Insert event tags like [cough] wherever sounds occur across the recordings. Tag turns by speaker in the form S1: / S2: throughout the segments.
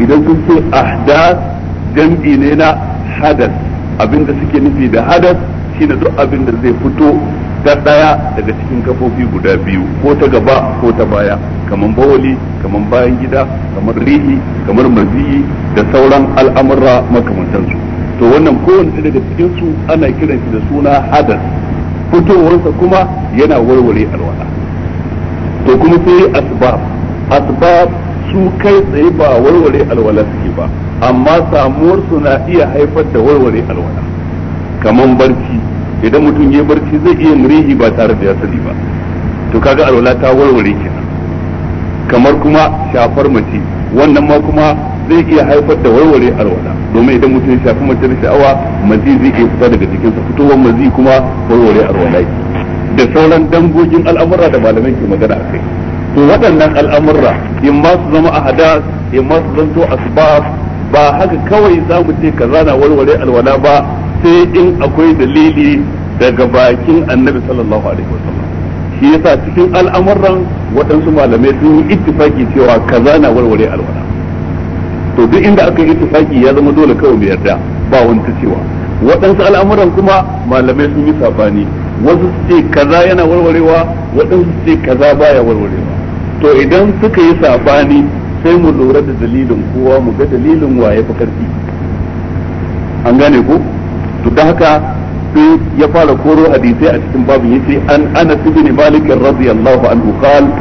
S1: idan sun ce ahdath jam'i ne na hadas abinda suke nufi da hadas shine duk abin da zai fito ta daya daga cikin kafofi guda biyu ko ta gaba ko ta baya kamar bawali kamar bayan gida kamar rihi kamar maziyi da sauran al'amurra makamantansu to wannan kowanne daga cikin su ana kiran shi da suna hadas fitowarsa kuma yana warware alwala to kuma sai asbab asbab su kai tsaye ba warware alwala suke ba amma samuwar su na iya haifar da warware alwala kamar barci idan mutum ya barci zai iya murihi ba tare da ya sani ba to kaga alwala ta warware kenan kamar kuma shafar mace wannan ma kuma zai iya haifar da warware alwala domin idan mutum ya shafi mace da sha'awa mazi zai iya fita daga jikinsa fitowar mazi kuma warware alwala da sauran dangogin al'amura da malamai ke magana a kai to waɗannan al'amurra in ma su zama ahadath in ma su zanto asbab ba haka kawai za mu ce kaza na warware alwala ba sai in akwai dalili daga bakin annabi sallallahu alaihi wasallam shi yasa cikin al'amuran waɗansu malamai sun yi ittifaki cewa kaza na warware alwala to duk inda aka yi ittifaki ya zama dole kawai mu yarda ba wani cewa waɗansu al'amuran kuma malamai sun yi sabani wasu su ce kaza yana warwarewa waɗansu su ce kaza baya warwarewa to idan suka yi sabani sai mu lura da dalilin kowa mu ga dalilin waye fa karfi an gane ku? to haka sai ya fara koro hadisai a cikin babin yace an ana ibn Malik radiyallahu anhu qala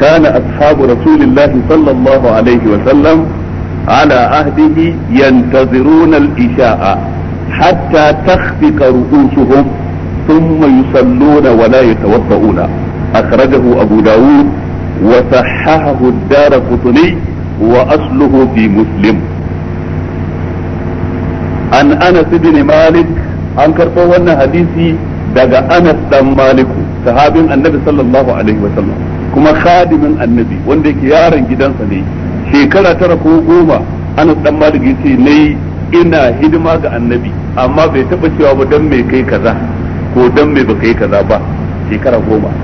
S1: kana ashabu rasulillah sallallahu alaihi wa sallam ala ahdihi yantaziruna al-isha'a hatta takhfiqa ru'usuhum thumma yusalluna wa la yatawadda'una akhrajahu Abu وصححه الدارقطني وأصله في مسلم عن أنس بن مالك an karɓo wannan hadisi daga Anas dan Maliku sahabin Annabi sallallahu alaihi wa sallam kuma khadimin Annabi wanda yake yaron gidansa ne shekara tara ko goma Anas dan Malik yace nayi ina hidima ga Annabi amma bai taba cewa ba dan me kai kaza ko dan me baka kaza ba shekara goma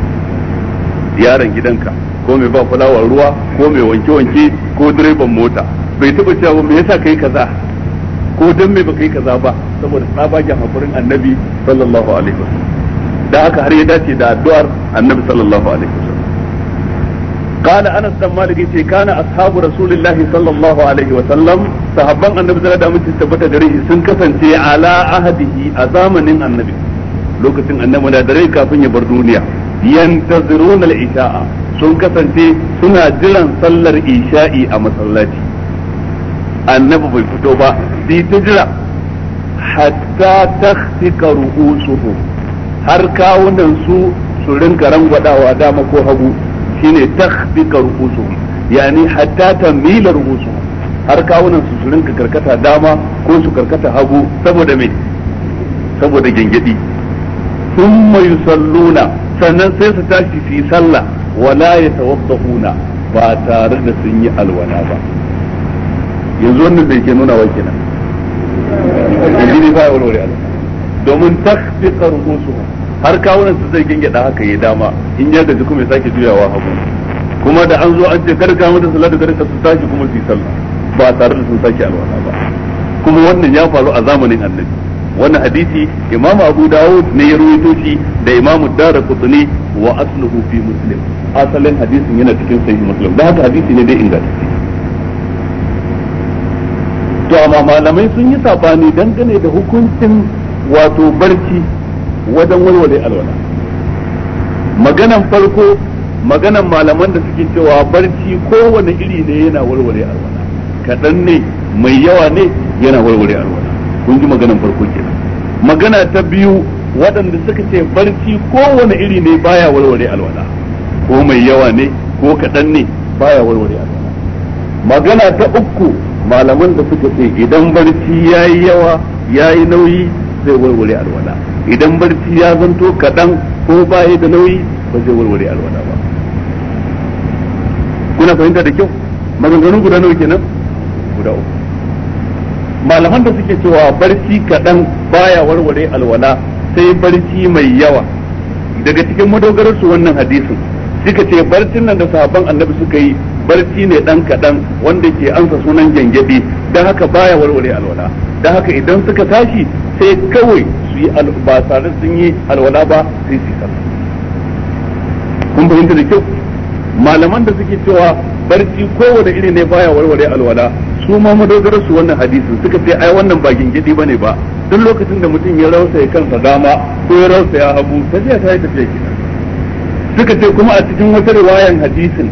S1: yaron gidanka ko mai ba fulawa ruwa ko mai wanke-wanke ko direban mota bai taɓa cewa me yasa kai kaza ko dan me baka yi kaza ba saboda tsabagen hakurin annabi sallallahu alaihi wasallam da haka har ya dace da addu'ar annabi sallallahu alaihi wasallam قال انس بن malik يتي كان اصحاب رسول sallallahu alaihi الله عليه وسلم صحابان النبي صلى الله عليه tabbata da rihi sun kasance ala ahdihi a zamanin annabi lokacin annabi da dare kafin ya bar duniya yantaziruna al-isha'a sun kasance suna jiran sallar isha'i a masallaci annabi bai fito ba sai ta jira hatta takhsika ru'usuhum har kawunan su su rinka rangwadawa dama ko hagu shine takhsika ru'usuhum yani hatta tamila ru'usuhum har kawunan su su rinka karkata dama ko su karkata hagu saboda me saboda Sun thumma salluna sannan sai su tashi su yi sallah wala yatawaddahuna ba tare da sun yi alwala ba yanzu wannan bai ke nuna wa kenan yanzu ne ba walwale alwala domin takfiqa rusuhum har kawunan su zai gingida haka ya dama in ya gaji kuma ya sake juyawa hagu kuma da an zo an ce kar ka mata salatu kar ka su tashi kuma su yi sallah ba tare da sun sake alwala ba kuma wannan ya faru a zamanin annabi wannan hadisi imamu abu dawud ne ya ruwaito shi da imamu dara wa asluhu fi muslim asalin hadisin yana cikin sahih muslim dan haka hadisi ne dai inganta. to amma malamai sun yi sabani dangane da hukuncin wato barci wajen walwale alwala maganan farko maganan malaman da suke cewa barci kowane iri ne yana walwale alwala kaɗan ne mai yawa ne yana walwale alwala kun ji maganan farko kenan magana ta biyu waɗanda suka ce barci kowane iri ne baya warware alwala ko mai yawa ne ko kaɗan ne baya warware alwala magana ta uku malaman da suka ce idan barci ya yi yawa ya yi nauyi zai warware alwala idan barci ya zanto kaɗan ko baya da nauyi ba zai warware alwala ba kuna fahimta da kyau maganganun guda nawa kenan guda uku malaman da suke cewa barci kaɗan baya warware alwala sai barci mai yawa daga cikin madogararsu wannan hadisin suka ce barcin nan da sahabban annabi suka yi barci ne dan kadan wanda ke ansa sunan gengebe dan haka baya warware alwala da haka idan suka tashi sai kawai su yi ba tare sun yi alwala ba sai su sallah kun fahimta da kyau malaman da suke cewa barci kowane iri ne baya warware alwala su ma madogarar su wannan hadisin suka ce ai wannan ba gingidi bane ba duk lokacin da mutum ya rausaya kansa dama ko ya rausaya hagu tafiya ta yi tafiya kenan suka ce kuma a cikin wata riwayan hadisin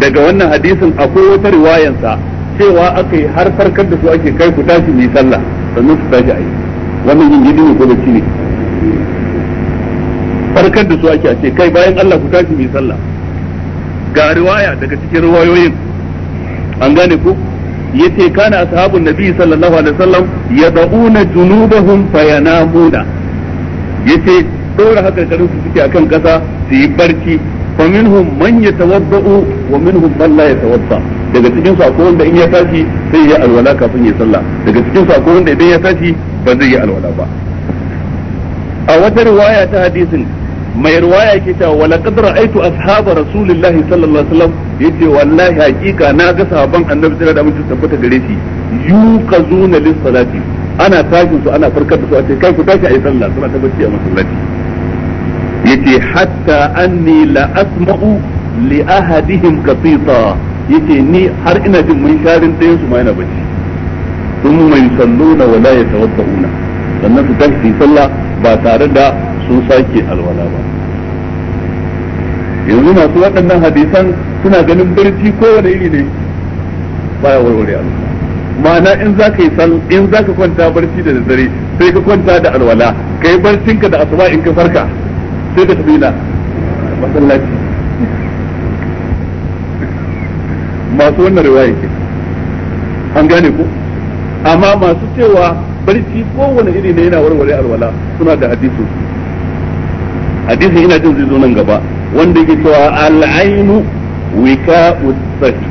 S1: daga wannan hadisin akwai wata riwayansa cewa aka yi har farkar da su ake kai ku tashi mai sallah sannan su tashi a yi wannan gingidi ne ko da ne farkar da su ake a ce kai bayan Allah ku tashi mai sallah ga riwaya daga cikin riwayoyin an gane ku yace kana ashabun nabi sallallahu alaihi wasallam yad'una junubahum fayanamuna yace dora haka karin su suke akan kasa su yi barci fa minhum man yatawadda'u wa minhum man la yatawadda daga cikin su akwai wanda in ya tashi sai ya alwala kafin ya salla daga cikin su akwai wanda idan ya tashi ba zai yi alwala ba a wata riwaya ta hadisin mai ruwaya yake cewa wala qad aitu ashaba rasulillahi sallallahu alaihi wasallam yace wallahi hakika na ga sahabban annabi sallallahu da wasallam tabbata gare shi yuqazuna lis salati ana tashin su ana farkar da su a ce kai ku tashi ayi sallah suna ta bacci a masallaci yace hatta anni la asma'u li ahadihim qatita yace ni har ina jin mun sharin ɗayan su ma yana bacci thumma yusalluna wa la yatawadda'una sannan su tashi sallah ba tare da sun sake alwala ba yanzu masu waɗannan hadisan suna ganin barci kowane iri ne baya warware alwala ma'ana in za ka yi sal in za ka kwanta barci da dare sai ka kwanta da alwala ka yi barcinka da asuba in ka farka sai ka tafi na masallaci masu wannan riwaya ke an gane ko amma masu cewa barci kowane iri ne yana warware alwala suna da hadisu hadisin ina jin zai zo nan gaba wanda yake cewa al'ainu wika'u sahi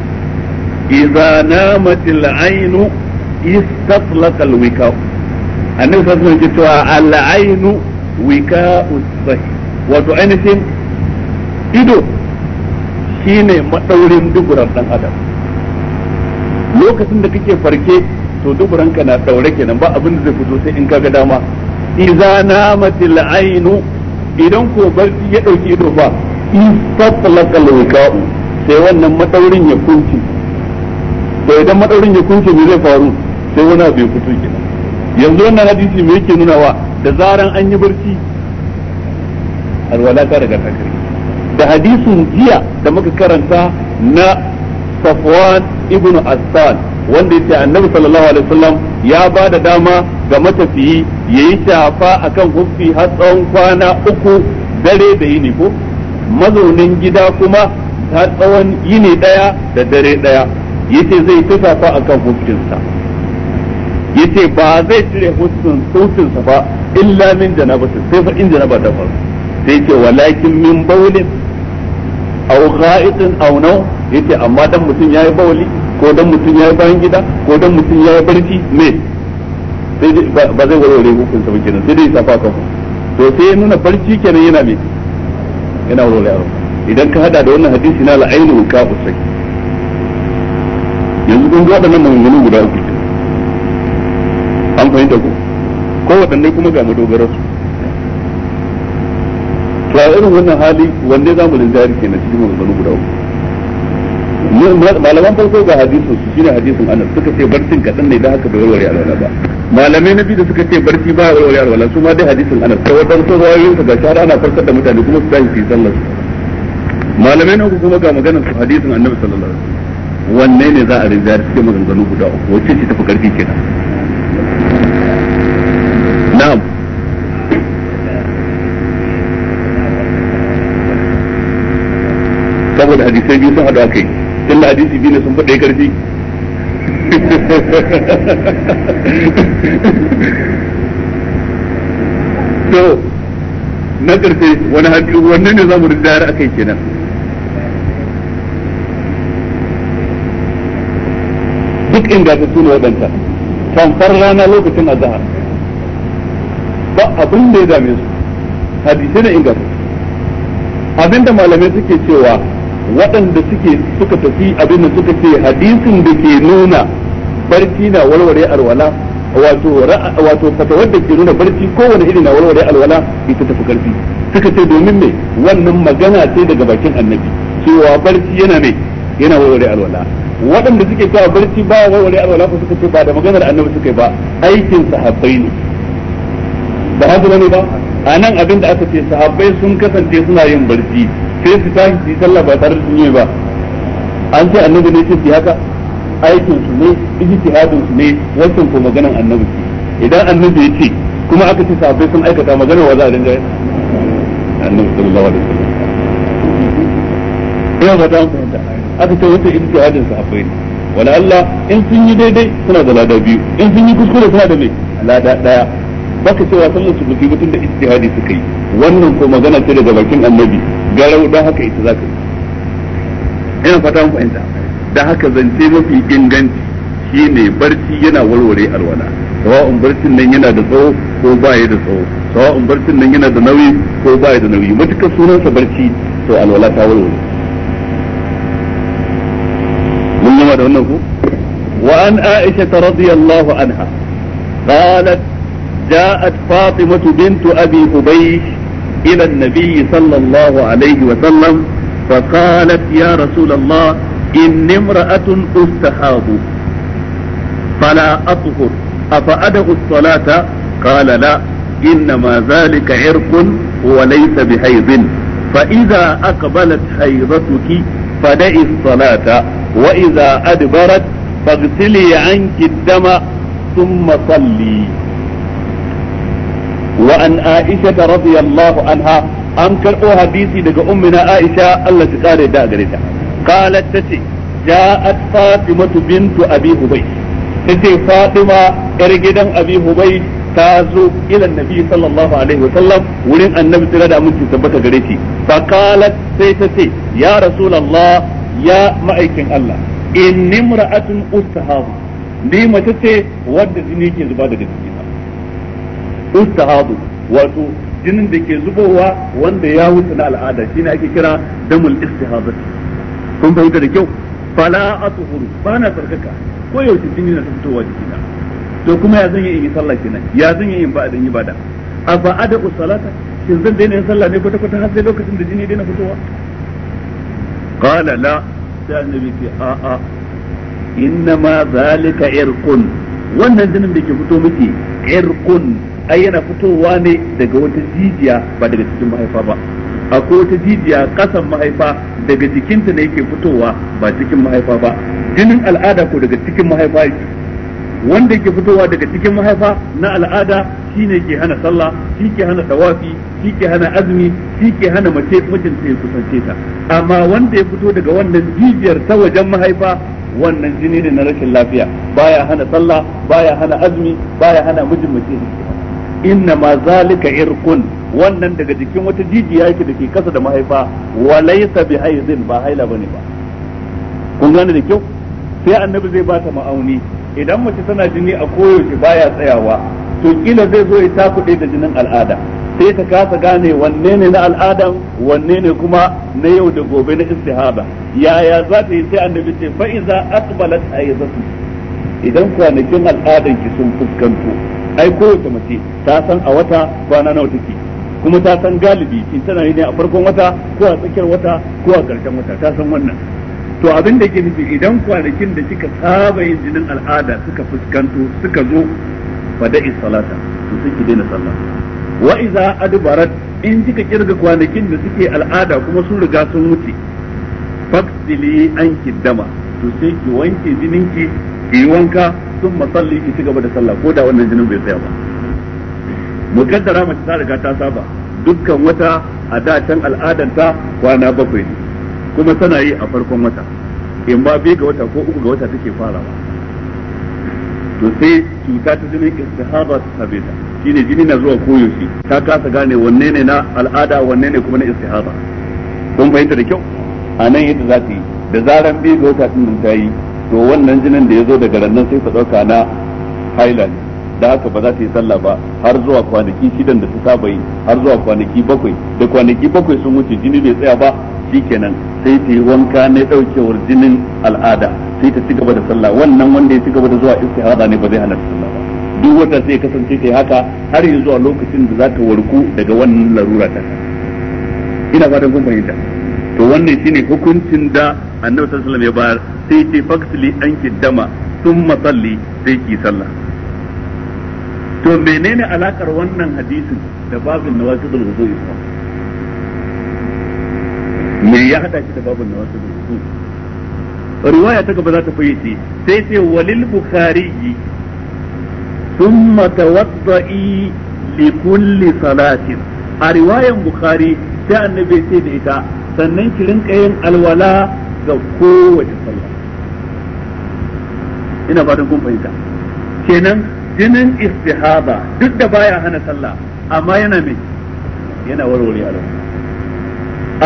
S1: idza namat al'ainu istatlaqa al-wika'u annabi sallallahu alaihi wasallam yake cewa al'ainu wika'u sahi wato anything ido shine madaurin duburan dan adam lokacin da kake farke to duburanka na daure kenan ba abin da zai fito sai in kaga dama idza namat al'ainu idan ko barci ya dauki ido ba istatlaqal wika'u sai wannan madaurin ya kunce to idan madaurin ya kunce me zai faru sai wani abu ya fito kenan yanzu wannan hadisi me yake wa da zaran an yi barci alwala ta daga ta da hadisin jiya da muka karanta na Safwan ibn Asal wanda yace Annabi sallallahu alaihi wasallam ya ba da dama ga matafiyi yi shafa a kan huffi har tsawon kwana uku dare da yini ko mazaunin gida kuma har tsawon yini daya da dare daya ce zai ta shafa akan huffinsa ce ba zai cire hussun sautinsa ba illa min janabatin sai fa in janaba ta sai ce walakin min bawlin aw gha'itin aw ya ce amma dan mutum ya yi bawli ko dan mutum ya yi bayan gida ko dan mutum ya yi barci me ba zai warware hukun sabon kenan sai dai safa kan to sai ya nuna barci kenan yana me yana warware idan ka hada da wannan hadisi na la'ainu ka usai yanzu kun ga waɗannan maganganun guda uku an fahimta ku ko waɗanne kuma ga su to a irin wannan hali wanda za mu linjari kenan cikin maganganu guda uku malaman farko ga hadisin su shine hadisin anas suka ce barcin kaɗan ne da haka bai warware a ba malamai na biyu da suka ce barci ba wa yawar wala su ma dai hadisin anas ta wadan sun rawayoyin ka gashi shara ana farkar da mutane kuma su sallar su malamai na kuma ga maganar su hadisin annabi sallallahu alaihi wasallam wanne ne za a rinja cikin maganganu guda uku wacce ce tafi karfi kenan na'am saboda hadisai biyu sun hadu kai illa hadisi biyu ne sun faɗa karfi [laughs] to na karfe wani haƙi wannan ne za mu rinjayar a kai kenan duk ingantattu ne waɗanta tamfar rana lokacin azahar ba abin da ya dame su hadisai na abin abinda malamai suke cewa waɗanda suke suka tafi abinda suka ce hadisin da ke nuna barci na warware alwala wato wato fata wanda ke nuna barci kowane iri na warware alwala ita tafi karfi suka ce domin me wannan magana ce daga bakin annabi cewa barci yana me yana warware alwala waɗanda suke cewa barci ba warware alwala ko suka ce ba da maganar annabi suka yi ba aikin sahabbai ne ba haka bane ba a nan abinda aka ce sahabbai sun kasance suna yin barci sai su tashi su yi sallah ba tare da sun yi ba an ce annabi ne ce su haka aikin su ne ijtihadin su ne wancan ko maganan annabi idan annabi ya ce kuma aka ce sabai sun aikata maganar wa za a dinga annabi sallallahu alaihi wasallam ina ba ta aka ce wannan ijtihadin sahabbai ne wala Allah in sun yi daidai suna da lada biyu in sun yi kuskure suna da me lada daya baka cewa sallar su buki mutun da ijtihadi suka yi wannan ko magana ce daga bakin annabi garau dan haka ita zaka yi ina fata mun fahimta da haka zance mafi inganci shine barci yana warware alwala sawa'un barcin nan yana da tsawo ko ba ya da tsawo sawa'un barcin nan yana da nauyi ko ba ya da nauyi matukar sunansa barci to alwala ta warware mun gama da wannan ku wa an aisha radiyallahu anha qalat جاءت فاطمة بنت أبي أبيش إلى النبي صلى الله عليه وسلم فقالت يا رسول الله inni imra'atun ustahabu fala athur afa ad'u as-salata qala la إنما ذلك عرق وليس بحيض فإذا أقبلت حيضتك فدعي الصلاة وإذا أدبرت فاغسلي عنك الدم ثم صلي وعن عائشة رضي الله عنها أنكر حديثي دقى أمنا عائشة التي قالت دا qalat tace ja'at fatimatu bintu abi ubay tace fatima yar gidan abi ubay ta zo ila annabi sallallahu alaihi wa sallam wurin annabi tsira da mun tabbata gare shi fa qalat sai tace ya rasulullah ya ma'aikin Allah inni imra'atun ustahabu ni mace ce wadda jini ke zuba daga jikina ustahabu wato jinin da ke zubowa wanda ya wuce na al'ada shine ake kira damul istihabati kun fahimta da kyau fala atuhuru ba na tsarkaka ko cikin jini na fitowa jikina to kuma ya zan yi in sallah kenan ya zan yi in ba dan ibada a ba ada usalata shin zan daina yin sallah ne kwata kwata har sai lokacin da jini daina fitowa qala la sai annabi ce a a inna ma zalika irqun wannan jinin da ke fito miki irqun ai yana fitowa ne daga wata jijiya ba daga cikin mahaifa ba akwai wata jijiya kasan mahaifa daga jikinta ne yake fitowa ba cikin mahaifa ba jinin al'ada ko daga cikin mahaifa yake wanda yake fitowa daga cikin mahaifa na al'ada shine ke hana sallah shi ke hana tawafi shi ke hana azumi shi ke hana mace mijinta ya kusance ta amma wanda ya fito daga wannan jijiyar ta wajen mahaifa wannan jini ne na rashin lafiya baya hana sallah baya hana azumi baya hana mijin mace inna ma zalika irqun wannan daga jikin wata jijiya yake da ke kasa da mahaifa walai laysa bi haizin ba haila bane ba kun gane da kyau sai annabi zai bata ma'auni idan mace tana jini a koyaushe baya tsayawa to kila zai zo ya takuɗe da jinin al'ada sai ta kasa gane wanne ne na al'adan wanne ne kuma na yau da gobe na istihaba yaya za ta yi sai annabi ce fa iza aqbalat aizatu idan kwanakin al'adan ki sun fuskanto ai kowace mace ta san a wata kwana nawa take kuma ta san galibi in tana yi ne a farkon wata ko a tsakiyar wata ko a ƙarshen wata ta san wannan to abin da ke nufi idan kwanakin da kika saba yin jinin al'ada suka fuskanto suka zo fada'i salata to sun ki daina sallah wa iza adbarat in kika kirga kwanakin da suke al'ada kuma sun riga sun wuce faksili an kiddama to sai ki wanke jininki ki yi wanka sun masalli ki ci gaba da sallah ko da wannan jinin bai tsaya ba mukaddara mace ta riga ta saba dukkan wata a da can al'adanta kwana bakwai ne kuma tana yi a farkon wata in ba biyu ga wata ko uku ga wata take farawa to sai cuta ta jinin istihaba ta sabe ta shine jini na zuwa koyaushe ta kasa gane wanne ne na al'ada wanne ne kuma na istihaba kun fahimta da kyau a nan yadda za ta yi da zaran biyu ga wata ta yi to wannan jinin da ya zo daga rannan sai ta ɗauka na haila da haka ba za ta yi sallah ba har zuwa kwanaki shidan da ta saba yi har zuwa kwanaki bakwai da kwanaki bakwai sun wuce jini bai tsaya ba shikenan sai ta yi wanka na daukewar jinin al'ada sai ta ci gaba da sallah wannan wanda ya ci gaba da zuwa istihada ne ba zai hana sallah ba duk wata sai kasance ta haka har yi zuwa lokacin da za ta warku daga wannan larura ta ina fatan kun fahimta to wannan shine hukuncin da annabi sallallahu alaihi wasallam ya bayar sai ce faksili anki dama thumma salli sai ki sallah to menene alakar wannan hadisin da babin nawaqidul wudu'i me ya hada shi da babin nawaqidul wudu'i riwaya ta gaba za ta fayyace sai sai walil bukhari thumma tawadda'i li kulli salatin a riwayan bukhari sai annabi sai da ita sannan ki rinka yin alwala ga kowace sallah ina fatan kun fahimta kenan jinin istihaba duk da baya hana sallah amma yana mai yana warware alwala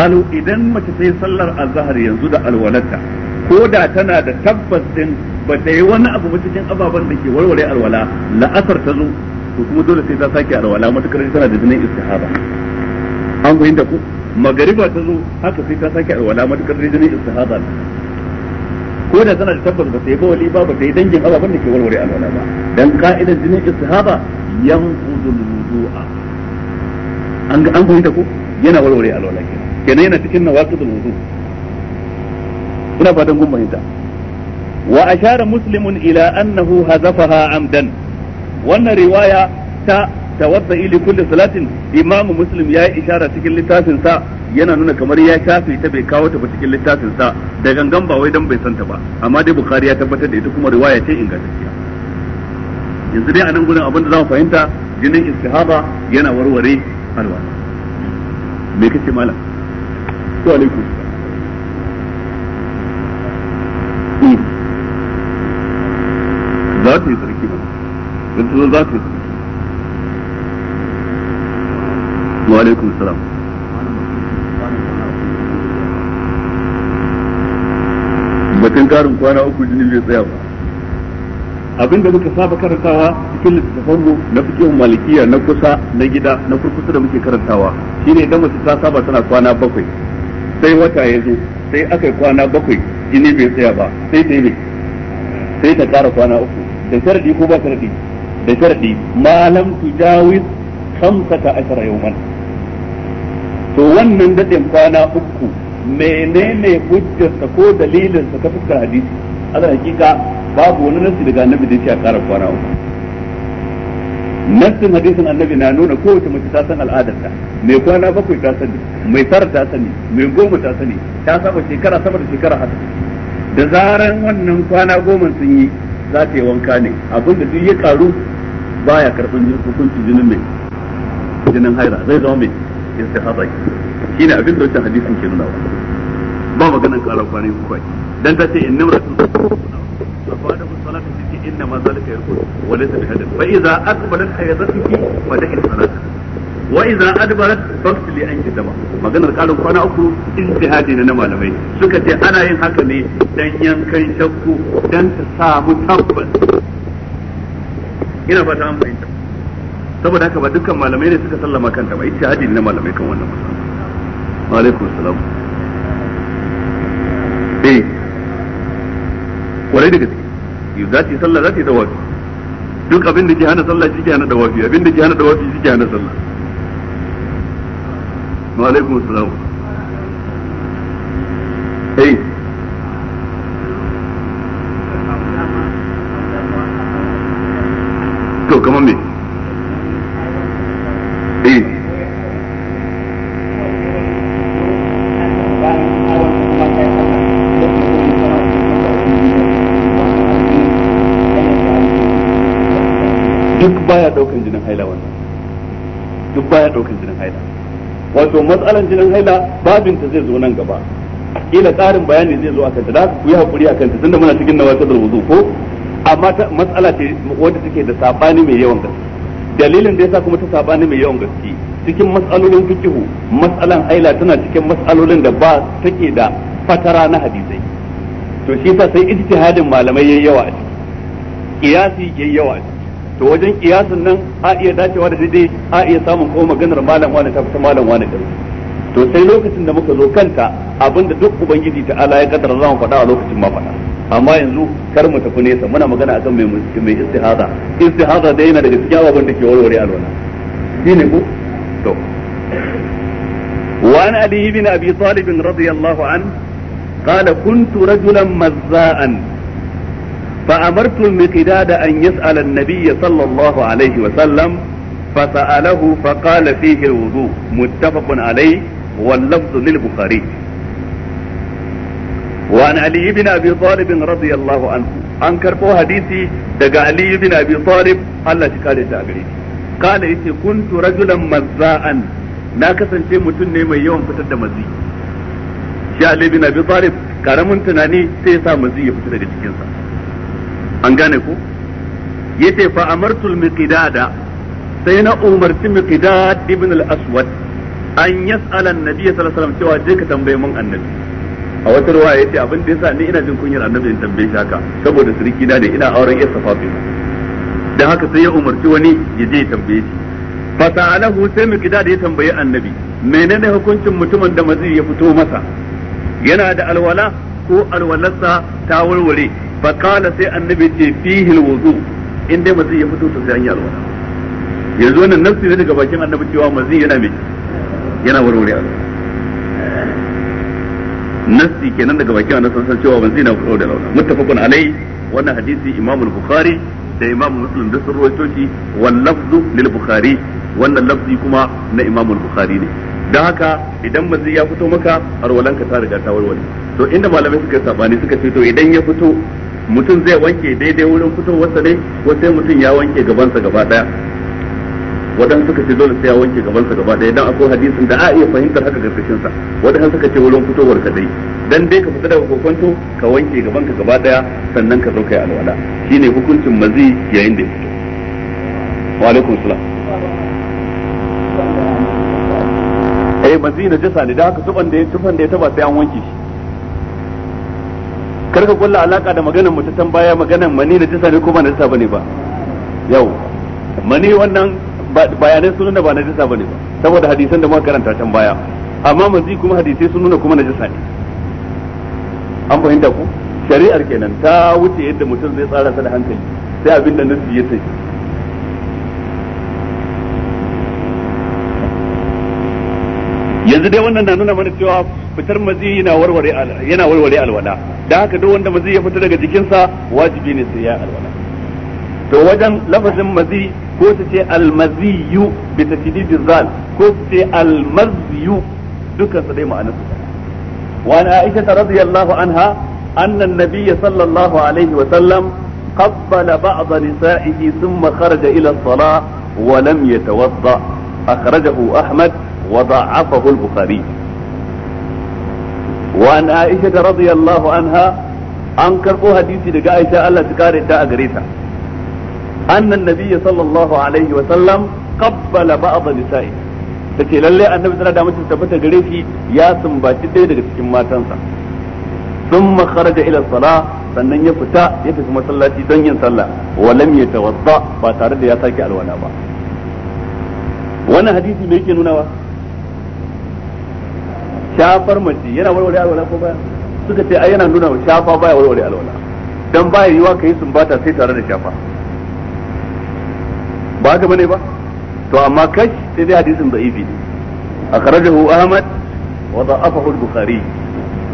S1: alu idan mace ta yi sallar azhar yanzu da alwalarta ko da tana da tabbas din ba ta yi wani abu ba cikin ababen da ke warware alwala la'asar ta zo to kuma dole sai ta sake alwala matukar tana da jinin istihaba an fahimta ku. magariba ta zo haka sai ta sake alwala matukar jinin istihaba ko da tana da tabbas ba sai ba wali ba ba sai dangin ababen da ke warware alwala ba dan ka'idar jinin istihaba yanqudul wudu'a an ga an fahimta ko yana warware alwala kenan kenan yana cikin nawaqidul wudu ina fatan kun fahimta wa ashara muslimun ila annahu hazafaha amdan wannan riwaya ta tawadda ili kulli salatin imamu muslim ya yi ishara cikin littafin sa yana nuna kamar ya shafe ta bai kawo ta ba cikin littafin sa da gangan ba wai dan bai santa ba amma dai bukhari ya tabbatar da ita kuma riwaya ce ingantacciya yanzu dai a nan gurin abin da za mu fahimta jinin istihaba yana warware alwa me kace malam to alaikum hmm. za ta yi sarki ba don ta zo za ta yi sarki wa alaikum salam kan karin kwana uku jini bai tsaya ba abinda muka saba karantawa cikin littattafan mu na fiqh malikiya na kusa na gida na kurkusa da muke karantawa shine idan mace ta saba tana kwana bakwai sai wata ya zo sai aka kwana bakwai jini bai tsaya ba sai ta yi sai ta kara kwana uku da sharadi ko ba sharadi da sharadi malam tujawiz khamsata ashara yawman to wannan dadin kwana uku menene hujjarsa ko dalilinsa ta fuskar hadisi a da hakika babu wani nasi daga annabi da ya kara kwana uku nassin hadisin annabi na nuna kowace mace ta san al'adarta mai kwana bakwai ta sani mai tara ta sani mai goma ta sani ta saba shekara sama da shekara haka da zaran wannan kwana goma sun yi za ta yi wanka ne abinda duk ya karu baya karɓar hukuncin jinin mai jinin haira zai zama mai istihaba shine abin da wancan hadisin ke nuna ba maganan ƙara kwana uku kwaki dan ta ce in nimra tun فقالت الصلاة تجي إنما ذلك يركض وليس بهدف فإذا أقبلت حيضتك فدعي الصلاة وإذا أدبرت فاغسلي أنك دما maganar kalin kwana uku ijtihadi ne na malamai suka ce ana yin haka ne dan yankan shakku dan ta samu tabbas ina fata an fahimta saboda haka ba dukkan malamai ne suka sallama kanta ba ijtihadi ne na malamai kan wannan matsala alaikum salam eh kwarai da gaske yau za ta yi sallah za ta yi dawafi duk abin da ke hana sallah shi ke hana dawafi abin da ke hana dawafi shi ke hana sallah wa alaikum salam eh to kamar me eh baya daukan jinin haila wato matsalan jinin haila babin ta zai zo nan gaba kila tsarin bayani zai zo a kanta da ku yi hakuri a kanta tunda muna cikin nawatar da wuzu ko amma matsala ce wadda take da sabani mai yawan gaske dalilin da yasa kuma ta sabani mai yawan gaske cikin matsalolin fikihu matsalan haila tana cikin matsalolin da ba take da fatara na hadisai to shi yasa sai ijtihadin malamai yayi yawa a ciki kiyasi yayi yawa a ciki to wajen kiyasin nan a iya dacewa da daidai a iya samun ko maganar malam wani ta fita malam wani ta to sai lokacin da muka zo kanta abinda duk ubangiji ta ala ya kaddara zan faɗa a lokacin ma faɗa amma yanzu kar mu tafi nesa muna magana akan mai mai istihaza istihaza da yana daga cikin abin da ke warware alwala shine ko to وعن علي بن ابي طالب رضي الله عنه قال كنت رجلا مزاء فأمرت المقداد أن يسأل النبي صلى الله عليه وسلم فسأله فقال فيه الوضوء متفق عليه واللفظ للبخاري وعن علي بن أبي طالب رضي الله عنه أنكر فو حديثي دقى علي بن أبي طالب الله تكالي تأغريك قال إتي كنت رجلا مزاء ناكسا شيء متن من يوم فتد مزي شاء علي بن أبي طالب كرم تناني سيسا مزي فتد جتكينسا an gane ku yace fa amartul miqdada sai na umarci miqdad ibn al-aswad an yas'ala an-nabiy sallallahu alaihi wasallam cewa je ka tambaye mun annabi a wata ruwaya yace abin da yasa ni ina jin kunyar annabi in tambaye shi haka saboda siriki na ne ina auren yasa fafi dan haka sai ya umarci wani ya je ya tambaye shi fa sa'alahu sai miqdad ya tambaye annabi menene hukuncin mutumin da mazi ya fito masa yana da alwala ko alwalarsa ta warware fa sai annabi ce fihi alwudu in dai mazi ya fito sai an yi alwala yanzu wannan nafsi ne daga bakin annabi cewa mazi yana mai yana warware nafsi kenan daga bakin annabi sallallahu cewa mazi yana warware alwala muttafaqun alai wannan hadisi imam al-bukhari da imam muslim da sun rawaito shi wal lafzu lil bukhari wannan lafzi kuma na imam al-bukhari ne dan haka idan mazi ya fito maka arwalanka ta riga ta warware to inda malamai suka sabani suka ce to idan ya fito mutum zai wanke daidai wurin fitowarsa ne ko sai mutum ya wanke gabansa gaba daya wadan suka ce dole sai ya wanke gabansa gaba daya dan akwai hadisin da a iya fahimtar haka karkashin sa wadan suka ce wurin fitowar ka dai dan dai ka fita daga kokonto ka wanke gabanka gaba daya sannan ka zo kai alwala shine hukuncin mazi yayin da ya fito wa alaikum salam eh mazi na jasa ne da haka tuban da ya da ya taba sai an wanke shi kar ka kulla alaka da maganar tan baya maganar mani da tisa ne ko ba na tisa bane ba yau mani wannan bayanai sun nuna ba na tisa bane ba saboda hadisan da muka karanta tan baya amma mazi kuma hadisai sun nuna kuma najasa ne an fahimta ku shari'ar kenan ta wuce yadda mutum zai tsara sa da hankali sai abin da nufi ya sai yanzu dai wannan na nuna mana cewa fitar mazi yana warware alwala da haka duk wanda mazi ya fita daga jikinsa wajibi ne sai ya alwala to wajen lafazin mazi ko su ce almaziyu bi tasdidi zal ko su ce almaziyu dukkan su dai ma'anar su wa an aisha radiyallahu anha anna an-nabiy sallallahu alaihi wa sallam qabbala ba'd nisa'ihi thumma kharaja ila as-salah wa lam yatawadda akhrajahu ahmad wa da'afahu al-bukhari wa Aisha aisha radiyallahu anha an karbo hadisi daga aisha Allah ta kare ta a gare ta annan nabiyyi sallallahu alaihi wa sallam qabbala ba'd nisa'i tace lalle annabi sallallahu alaihi wasallam tabbata gare shi ya sumbaci ɗaya daga cikin matansa Sun kharaja ila salah sannan ya fita ya tafi masallaci don yin sallah wa lam yatawadda ba tare da ya sake alwala ba wani hadisi me yake wa. shafar mace yana warware alwala ko baya suka ce ai yana nuna shafa baya warware alwala dan baya yiwa ka yi sumbata sai tare da shafa ba ga bane ba to amma kai sai dai hadisin da'ifi ne akhrajahu ahmad wa da'afahu al-bukhari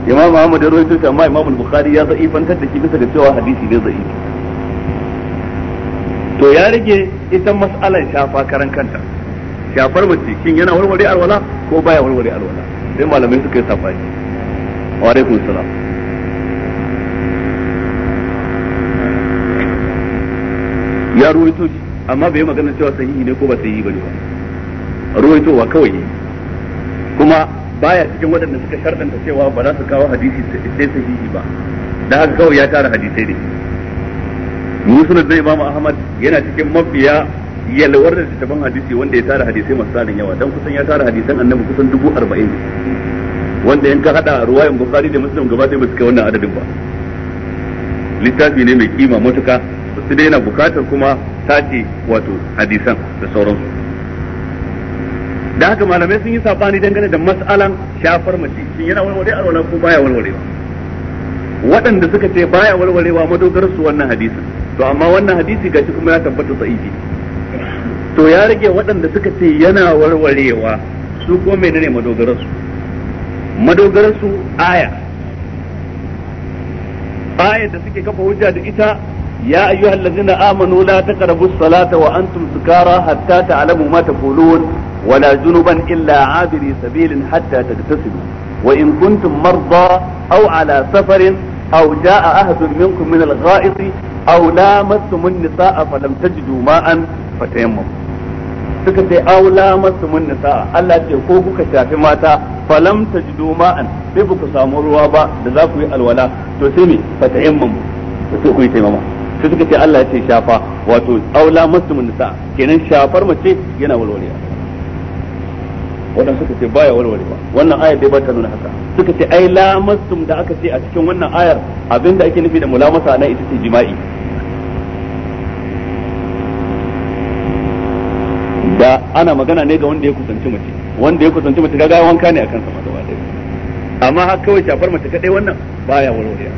S1: imam ahmad ya rawaito shi amma imam al-bukhari ya za'ifantar da shi bisa ga cewa hadisi ne da'ifi to ya rage ita mas'alan shafa karan kanta shafar mace shin yana warware alwala ko baya warware alwala sai malamai suka yi sabani wa alaikum salam ya ruwaito shi amma bai magana cewa sahihi ne ko ba sahihi bane ba ruwaitowa kawai ne kuma baya cikin waɗanda suka shardanta cewa ba za su kawo hadisi sai sahihi ba da haka kawai ya tara hadisai ne musnad na imamu ahmad yana cikin mafiya yalwar da tafan hadisi wanda ya tara hadisai masu tsarin yawa dan kusan ya tara hadisan annabi kusan dubu arba'in wanda in ka hada ruwayan bukari da muslim gaba ɗaya ba kai wannan adadin ba littafi ne mai kima matuka su dai yana bukatar kuma tace wato hadisan da sauransu da haka malamai sun yi sabani dangane da mas'alan shafar mace shin yana walwale a ko baya ba. waɗanda suka ce baya walwarewa madogarar su wannan hadisin to amma wannan hadisi gashi kuma ya tabbata sahihi to ya rage waɗanda suka ce yana warwarewa su ko menene madogararsu madogararsu aya aya da suke kafa hujja da ita ya ayyuha allazina amanu la taqrabu salata wa antum sukara hatta ta'lamu ma taqulun wa la junuban illa abiri sabilin hatta tagtasilu wa in kuntum marda aw ala safarin aw jaa ahadun minkum min al-gha'iti aw lamassum an-nisaa falam tajiduu ma'an fatayammamu suka ce aula masu mun nisa Allah ce ko kuka shafi mata falam tajidu ma'an sai ku samu ruwa ba da za ku yi alwala to sai me fatayammamu sai ku yi taimama sai suka ce Allah ce shafa wato aula masu mun nisa kenan shafar mace yana walwale. wannan suka ce baya walwale ba wannan ayar dai ba ta nuna haka suka ce ai lamastum da aka ce a cikin wannan ayar abinda ake nufi da mulamasa na ita ce jima'i da ana magana ne ga wanda ya kusanci mace wanda ya kusanci mace kaga wanka ne a kan sama gaba ɗaya amma har kawai shafar mace kadai wannan baya warwariya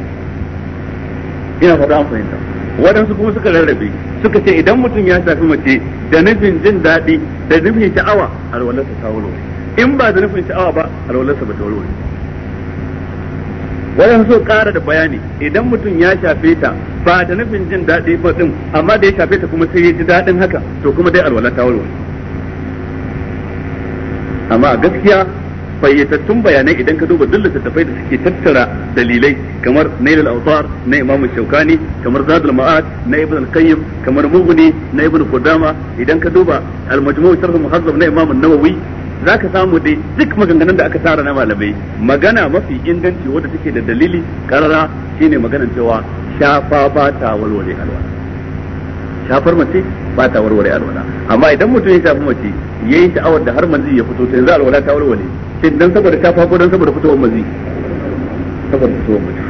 S1: ina faɗa an fahimta waɗansu kuma suka rarrabe suka ce idan mutum ya shafi mace da nufin jin daɗi da nufin sha'awa alwalarsa ta warware in ba da nufin sha'awa ba alwalarsa ba ta warware waɗansu suka ƙara da bayani idan mutum ya shafe ta ba da nufin jin daɗi ba ɗin amma da ya shafe ta kuma sai ya ji daɗin haka to kuma dai alwala ta warware amma a gaskiya fayyatattun bayanai idan ka duba dukkan littattafai da suke tattara dalilai kamar Nailul Awtar na Imam Shawkani kamar Zadul Ma'ad na Ibn al-Qayyim kamar Mughni na Ibn Qudama idan ka duba Al-Majmu' Sharh Muhazzab na Imam an-Nawawi zaka samu dai duk maganganun da aka tsara na malamai magana mafi inganci wadda take da dalili karara shine maganar cewa shafa ba ta walwale alwa shafar mace ba ta warware alwala amma idan mutum ya shafi mace yi sha'awar da har manzi ya fito to yanzu alwala ta warware shi dan saboda ta fako dan saboda fitowar manzi saboda fitowar manzi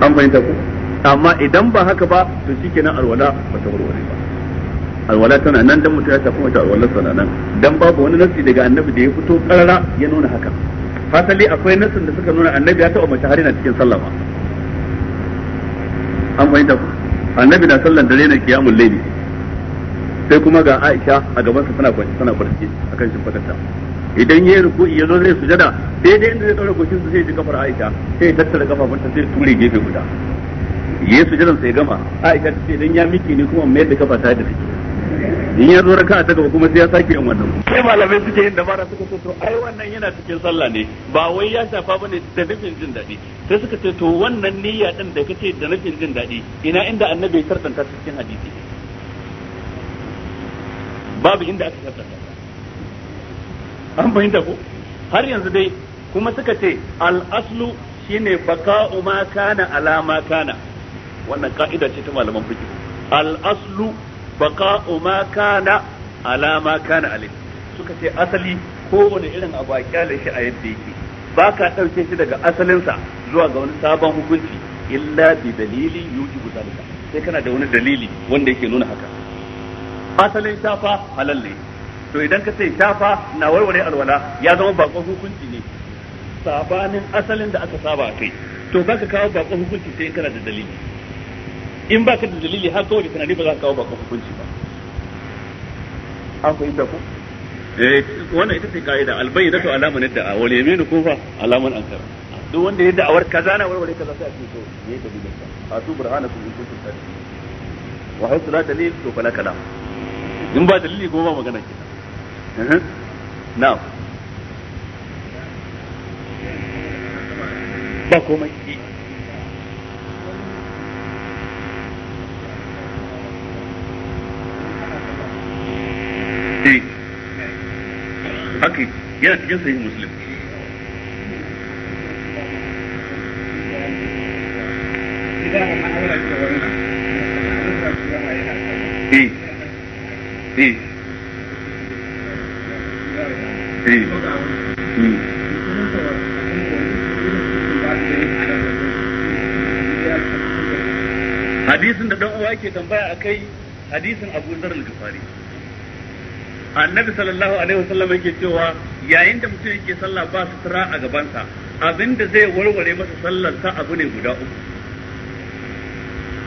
S1: an fahimta ku amma idan ba haka ba to shikenan alwala ba ta warware ba alwala tana nan dan mutum ya shafi mace alwala tana nan dan babu wani nasi daga annabi da ya fito karara ya nuna haka fasali akwai nasin da suka nuna annabi ya taɓa mace har yana cikin sallama an fahimta ku annabi na sallan dare na kiyamul laili sai kuma ga Aisha a gaban sa tana kwanci tana barci akan shimfadarta idan yayi ruku ya zo zai sujada sai dai inda zai daura goshin sa sai ji kafar Aisha sai tattara kafafunta sai ture gefe guda yayi sujadan sai gama Aisha ta ce idan ya miki ne kuma mai da kafa ta da take in ya zo raka ta gaba kuma sai ya sake yin wannan sai malamai suke yin dabara suka ce to ai wannan yana cikin sallah ne ba wai ya shafa bane da nufin jin dadi sai suka ce to wannan niyya din da kace da nufin jin dadi ina inda annabi ya karanta cikin hadisi babu inda aka karanta an fahimta ko har yanzu dai kuma suka ce al-aslu shine baka ma kana ala ma kana wannan ka'ida ce ta malaman fiqh al-aslu baka ma kana ala ma kana alif suka ce asali kowane irin abu a kyale shi a yadda yake ba ka ɗauke shi daga asalinsa zuwa ga wani sabon hukunci illa bi dalili yuji zalika sai kana da wani dalili wanda yake nuna haka asalin shafa halal ne to idan ka ce shafa na warware alwala ya zama bakon hukunci ne sabanin asalin da aka saba kai to baka kawo bakon hukunci sai kana da dalili in ba ka da dalili har kawai tunani ba za ka kawo ba hukunci ba an inda ko eh wannan ita ce kaida to alaman yadda wal ko fa alaman ankara duk wanda ya da'awar kaza na warware kaza sai a ce to me ka bi ka atu burhanakum in kuntum sadiqin wa hasu la dalil to fala kalam in ba dalili ko ba magana ke na ba komai dare haka yana cikin muslim eh. Eh. Eh. Hmm. hadisin da ɗanuwa uwa tambaya tambaya kai hadisin Abu zarar gafari annabi sallallahu alaihi wasallam yake cewa yayin da mutum yake sallah ba sutura a gabansa abinda zai warware masa sallar sa abu ne guda uku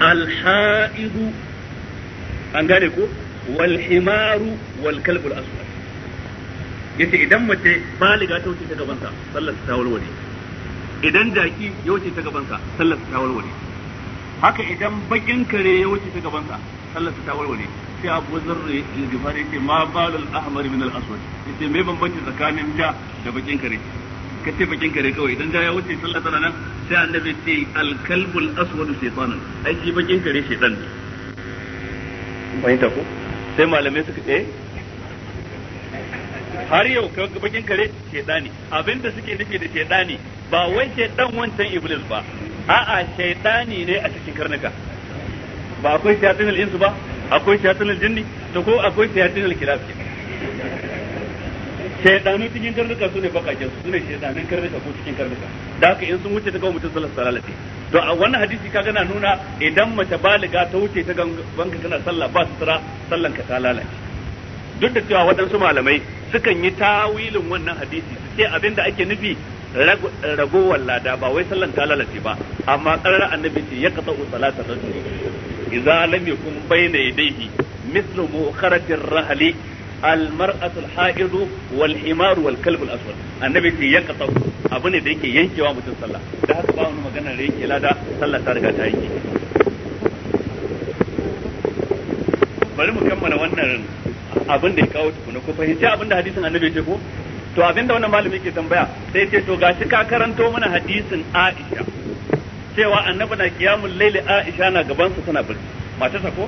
S1: alha'idu an gane ko wal himaru wal kalbul aswad yace idan mace liga ta wuce ta gabansa sallar ta warware idan jaki ya wuce ta gabansa sallar ta warware haka idan bakin kare ya wuce ta gabansa sallar ta warware sai abu zarra ya yake ma balul ahmar min al aswad yace me bambanci tsakanin ja da bakin kare ka ce bakin kare kawai idan ja ya wuce sallah tana nan sai annabi ce al kalbul aswad shaytanan ai shi bakin kare shaytan ne bai ta ko sai malamai suka ce eh? har yau bakin kare shedani abinda suke nufi da shedani ba wai shaytan wancan iblis ba a'a shedani ne a cikin karnuka ba akwai shaytanul insu ba akwai shayatin aljinni to ko akwai shayatin alkilaf ke shaydanun cikin karnuka su ne bakaken su ne shaydanun karnuka ko cikin karnuka da haka in sun wuce ta gawo mutum sallar salalafi to a wannan hadisi ka gana nuna idan mace baliga ta wuce ta ganka tana sallah ba su tara sallan ka ta lalace duk da cewa waɗansu malamai sukan yi tawilin wannan hadisi su ce abin da ake nufi ragowar lada ba wai sallan ta lalace ba amma ƙarar annabi ce ya katsa salatar rajuli idza لم يكن بين يديه مثل مؤخرة ar المرأة الحائض والحمار والكلب الأسود wal في wal-kalb al ينكي وامت الصلاة ya kasau مغنى ne da yake yankewa mutum sallah da haka ba magana da sallah bari mu kammala wannan abin da ya kawo tukuna ko fahimci abin da hadisin annabi ya ce ko to abin da wannan malami ke tambaya sai ce to gashi ka karanto mana hadisin Aisha cewa annabi na kiyamul laili Aisha na gaban su tana barci matarsa ko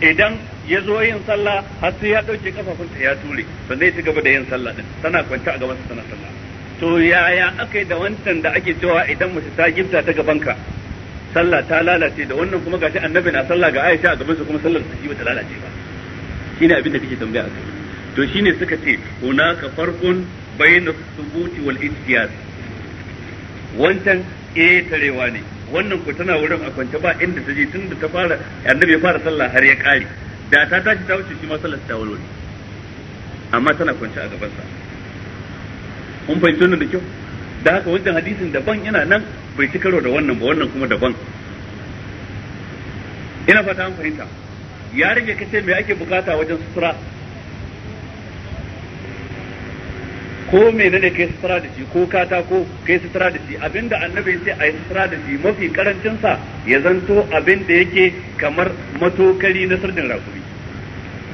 S1: idan ya zo yin sallah har sai ya dauke kafafunta ya ture sannan ya ci gaba da yin sallah din tana kwanta a gaban su tana sallah to yaya akai da wancan da ake cewa idan mace ta gifta ta gabanka sallah ta lalace da wannan kuma gashi annabi na sallah ga Aisha a gaban su kuma sallar su ta lalace ba shine abin da kike tambaya akai to shine suka ce hunaka farqun bayna thubuti wal istiyaz wancan ƙetarewa ne wannan ku tana wurin a kwance ba inda ta je tun da ta fara annabi ya fara sallah har ya ƙare da ta tashi ta wuce shi ma sallar ta walwale amma tana kwance a gaban sa kun fahimci wannan da kyau da haka wancan hadisin daban yana nan bai ci karo da wannan ba wannan kuma daban ina fata an fahimta ya rage kace me ake bukata wajen sutura ko menene kai sutura da shi ko katako kai sutura da shi abinda annabi sai a yi sutura da shi mafi karancin sa ya zanto abin da yake kamar matokari na sirrin rakumi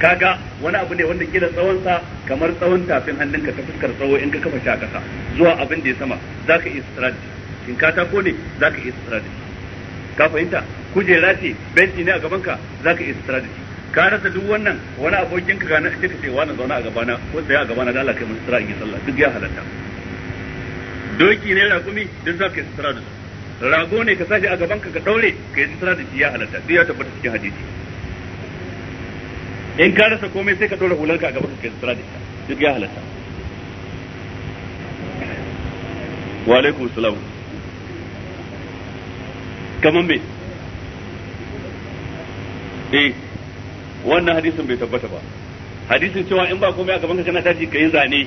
S1: kaga wani abu ne wanda kila tsawon sa kamar tsawon tafin hannunka ta fuskar tsawo in ka kafa shi a kasa zuwa abin da ya sama zaka iya sutura da shi in katako ne zaka iya sutura da shi ka fahimta kujera ce benci ne a gaban ka zaka iya sutura da shi ka rasa duk wannan wani abokin ka gane ka ce wani zauna a gabana ko sai a gabana da Allah kai mun in yi sallah duk ya halatta doki ne rakumi duk za ka yi sutura da su rago ne ka sashi a gaban ka ka daure ka yi sutura da shi ya halatta duk ya tabbata cikin hadisi in ka rasa komai sai ka daura hular ka a gaban ka ka yi sutura da shi duk ya halatta wa alaikum salam kaman me eh wannan hadisin bai tabbata ba hadisin cewa in ba komai a gaban ka kana tashi kai zane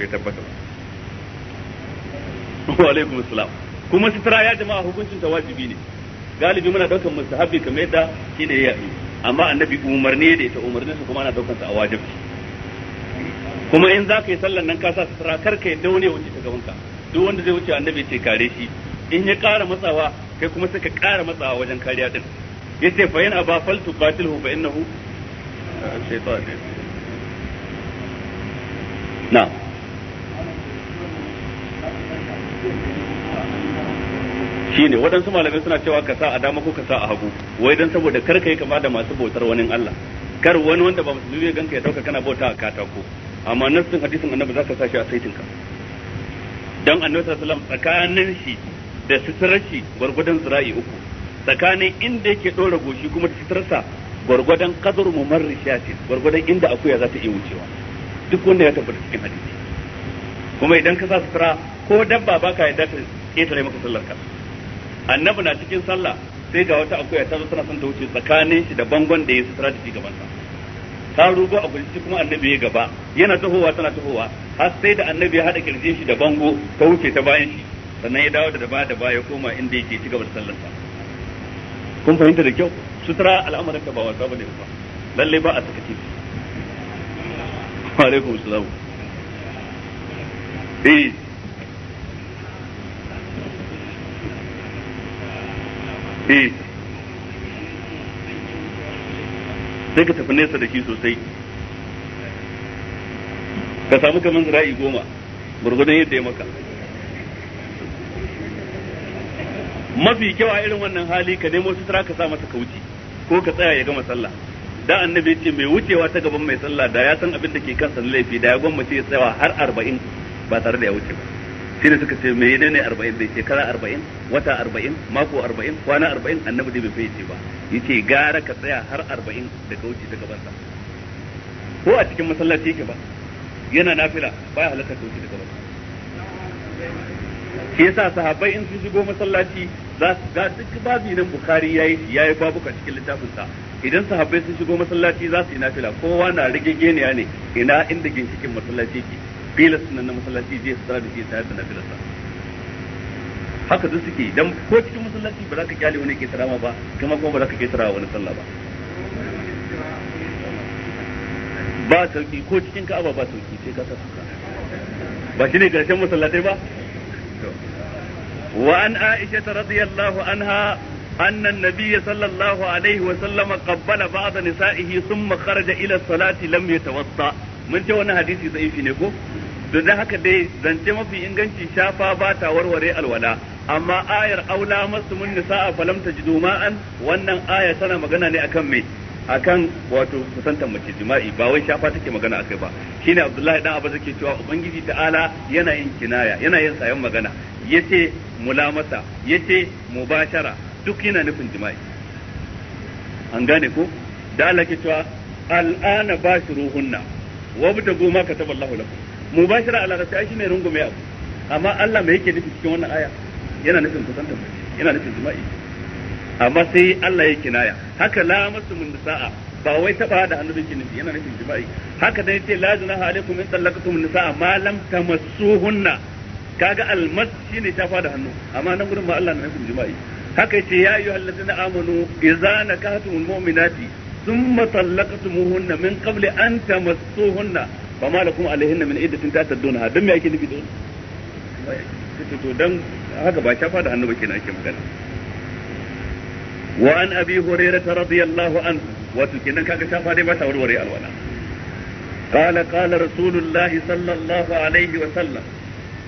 S1: bai tabbata ba [laughs] wa alaikum assalam kuma sitira ya jama'a hukuncin ta wajibi ne galibi muna daukan mustahabi kamar yadda shi ne ya yi amma annabi umarni da ita umarnin su kuma ana daukan ta a wajibi kuma in za ka yi sallan nan ka sa sitira kar ka yi daune wuce ta gaban ka duk wanda zai wuce annabi ce kare shi in ya kara matsawa kai kuma sai ka kara matsawa wajen kariya din yace fa in aba fal tuqatilhu fa innahu ah, shaytan na shine waɗansu malamai suna cewa ka sa a dama ko ka sa a hagu wai dan saboda kar kai kama da masu bautar wani Allah kar wani wanda ba musulmi ya ganka ya dauka kana bauta a katako amma nassin hadisin annabi zaka sa shi a saitinka dan annabi sallallahu alaihi wasallam tsakanin shi da suturar shi gwargwadon zira'i uku tsakanin inda yake dora goshi kuma da sitarsa gwargwadon kadar mumarri shatin gwargwadon inda akuya za ta iya wucewa duk wanda ya tabbata cikin hadisi kuma idan ka sa sutura ko dabba baka yadda ta ketare maka sallar ka annabi na cikin sallah sai ga wata akuya ta zo tana son ta wuce tsakanin shi da bangon da ya sutura da gaban sa ta rugo a gurji kuma annabi ya gaba yana tahowa tana tahowa har sai da annabi ya hada kirjin shi da bango ta wuce ta bayan shi sannan ya dawo da daba da baya koma inda yake ci gaba da sallar sa kun fahimta da kyau sutura al'amarin ka ba wasa bane ba lalle ba a sakaci wa alaikum salam eh eh sai ka tafi nesa da shi sosai ka samu kamar zira'i goma gurgudan yadda ya maka mafi kyau a irin wannan hali ka nemo sutura ka sa masa ka wuce ko ka tsaya ya gama sallah da annabi ce mai wucewa ta gaban mai sallah da ya san abin da ke kansa na laifi da ya gwammace ya tsayawa har arba'in ba tare da ya wuce ba shi ne suka ce me ne ne arba'in da shekara arba'in wata arba'in mako arba'in kwana arba'in annabi ne bai ce ba yace gara ka tsaya har arba'in da ka wuce ta gaban sa ko a cikin masallaci yake ba yana nafila ba ya halatta ka wuce ta gaban sa shi yasa sahabbai in sun shigo masallaci za su ga duk babi nan bukari yi babu babuka cikin littafin sa idan sahabbai sun shigo masallaci za su yi nafila kowa na rigegeniya ne ina inda ginshikin masallaci ke bila sunan na masallaci zai su da shi tare da nafilar sa haka zai suke dan ko cikin masallaci ba za ka kyale wani ke tarama ba kuma kuma ba za ka ke tarama wani sallah ba ba sauki ko cikin ka'aba ba sauki sai ka sa ba shi ne karshen masallatai ba وعن عائشة رضي الله عنها أن النبي صلى الله عليه وسلم قبل بعض نسائه ثم خرج إلى الصلاة لم يتوضأ mun ce wani hadisi zaifi ne ko da haka dai zance mafi inganci shafa ba ta warware alwala amma ayar aula masu mun a falam tajidu ma'an wannan aya tana magana ne akan me akan wato kusantar mace jima'i ba wai shafa take magana akai ba shine Abdullahi dan Abba zake cewa ubangiji ta'ala yana yin kinaya yana yin sayan magana yace mulamasa yace mubashara duk yana nufin jima'i an gane ko da Allah ke cewa al'ana bashiruhunna wabtagu ma kataballahu lakum mubashara ala shi ne rungume abu amma Allah me yake nufi cikin wannan aya yana nufin kusantar yana nufin jima'i amma sai Allah yake kinaya haka la mun nisaa ba wai taba da hannu yake nufi yana nufin jima'i haka dai ce la junaha alaikum in sallakatum nisaa ma lam tamassuhunna kaga almas shine shafa da hannu amma nan gurin ma Allah na nufin jima'i haka yace ya ayyuhal ladina amanu idza nakahtumul mu'minati thumma talaqtumuhunna min qabli an tamassuhunna fama lakum alaihinna min iddatin tataddunaha dan me yake nufi da wannan to dan haka ba shafa da hannu ba kenan ake magana wa an abi hurairah radiyallahu anhu wato kenan kaga shafa dai ba ta warware alwala قال قال rasulullahi sallallahu alaihi wa sallam.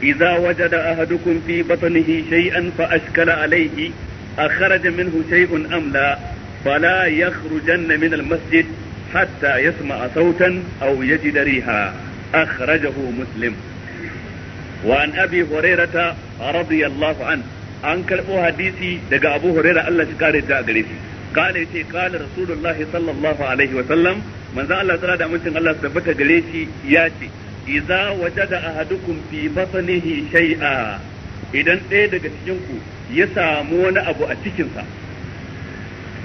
S1: إذا وجد أحدكم في بطنه شيئا فأشكل عليه أخرج منه شيء أم لا فلا يخرجن من المسجد حتى يسمع صوتا أو يجد ريحا أخرجه مسلم وعن أبي هريرة رضي الله عنه an karɓo hadisi daga abu huraira Allah shi kare ta a gare shi kala yace kala rasulullahi sallallahu alaihi wa sallam manzo Allah tsara da amincin Allah tabbata gare ya ce Iza wajada ahadukum fi batnihi shay'a idan ɗaya daga cikin ku ya samu wani abu a cikin sa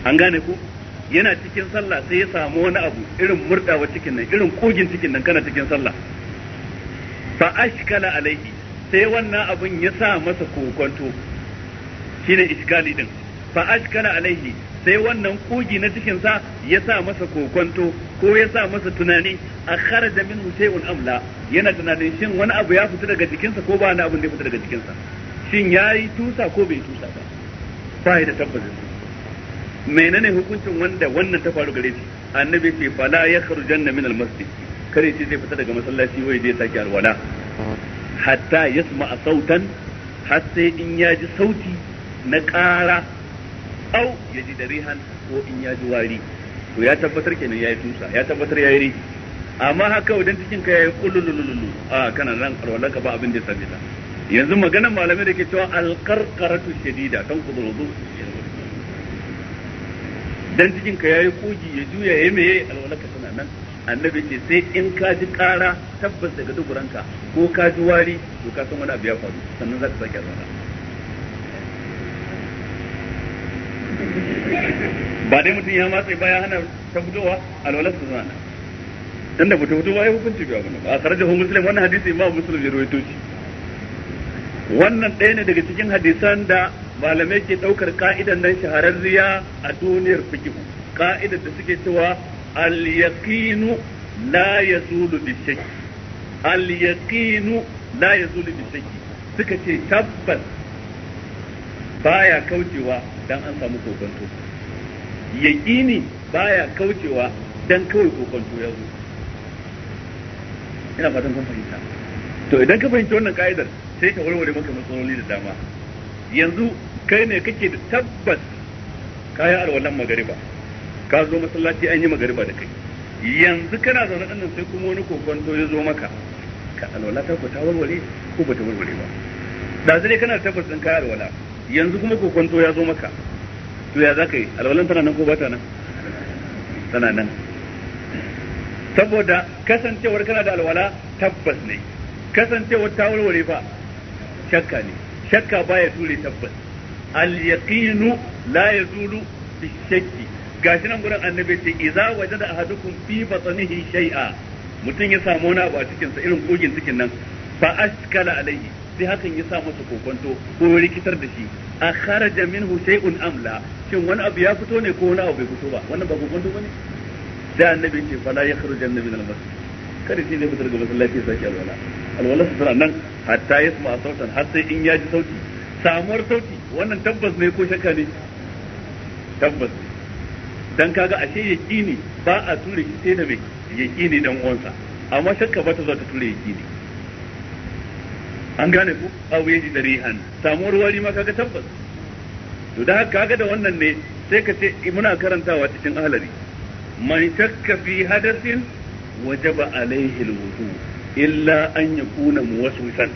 S1: an gane ku yana cikin sallah sai ya samu wani abu irin murdawa cikin nan irin kogin cikin nan kana cikin sallah fa ashkala alaihi sai wannan abun ya sa masa kokonto shine iskali din fa ashkala alaihi sai wannan kugi na cikinsa ya sa masa kokonto ko ya sa masa tunani a kharaja minhu shay'un amla yana tunanin shin wani abu ya fita daga jikinsa ko ba wani abu da ya fita daga jikinsa shin yayi tusa ko bai tusa ba ba da tabbacin menene hukuncin wanda wannan ta faru gare shi annabi ce fala ya yakhrujanna min masjid kare ce zai fita daga masallaci wai zai saki alwala hatta yasma sautan har sai in yaji sauti na ƙara au ya ji darihan ko in ya ji wari to ya tabbatar kenan ya yi tusa ya tabbatar ya yi riki amma haka wajen cikin ka ya yi kululululu a kana nan alwalaka ba abin da ya same yanzu maganar malamai da ke cewa alkarkaratu shadida kan kudurudu dan cikin ka yayi kogi ya juya ya meye alwalaka tana nan annabi ce sai in ka ji kara tabbas daga duburanka ko ka ji wari to ka san wani abu ya faru sannan za ka sake alwala ba dai mutum ya matsayi ba ya hana ta fitowa alwalar su zana dan da fito fito ba ya hukunci ba a a sarjahu musulun wannan hadisi ba muslim ya rawaito wannan ɗaya ne daga cikin hadisan da malamai ke ɗaukar ka'idan nan shahararriya a duniyar fikihu ka'idar da suke cewa al-yaqinu la yazulu bi shaki. al-yaqinu la yazulu bi shakk suka ce tabbas baya kaucewa dan an samu kokonto yaqini baya kaucewa dan kawai kokonto ya zo ina fatan kun fahimta to idan ka fahimci wannan ka'idar sai ka warware maka matsaloli da dama yanzu kai ne kake da tabbas kayan alwalan magariba ka zo masallaci an yi magariba da kai yanzu kana zaune ɗan sai kuma wani kokonto ya zo maka ka alwala ta ku ta warware ko ba ta warware ba da zai kana tabbas ɗin kayan alwala yanzu kuma kwanto ya zo maka to ya za ka yi alwalan tana nan ko ba ta nan tana nan saboda kasancewar kana da alwala tabbas ne kasancewar ta warware ba shakka ne shakka ba ya ture tabbas al yaqinu la yazulu bi shakki gashi nan gurin annabi ce idza wajada ahadukum fi batnihi shay'a mutum ya samu wani abu a cikin sa irin kogin cikin nan fa askala alaihi sai hakan ya sa masa kokonto ko rikitar da shi a kharaja minhu shay'un amla shin wani abu ya fito ne ko wani abu bai fito ba wannan ba kokonto bane sai annabi ce fala ya kharuja annabi min al-masjid kada shi ne fitar ga masallaci ya saki alwala alwala su tana nan hatta ya yasma sautan har sai in ya ji sauti samuwar sauti wannan tabbas ne ko shakka ne tabbas dan kaga ashe ya ƙi ne ba a ture shi sai da mai ya ƙi ne dan uwansa amma shakka ba ta zo ta ture ya ƙi ne an gane ku abu yaji rihan samuwar wari ma kaga tabbas to da haka kaga da wannan ne sai ka ce eh, muna karantawa cikin ahlari man shakka fi hadathin wajaba alaihi alwudu illa an yakuna muwaswisan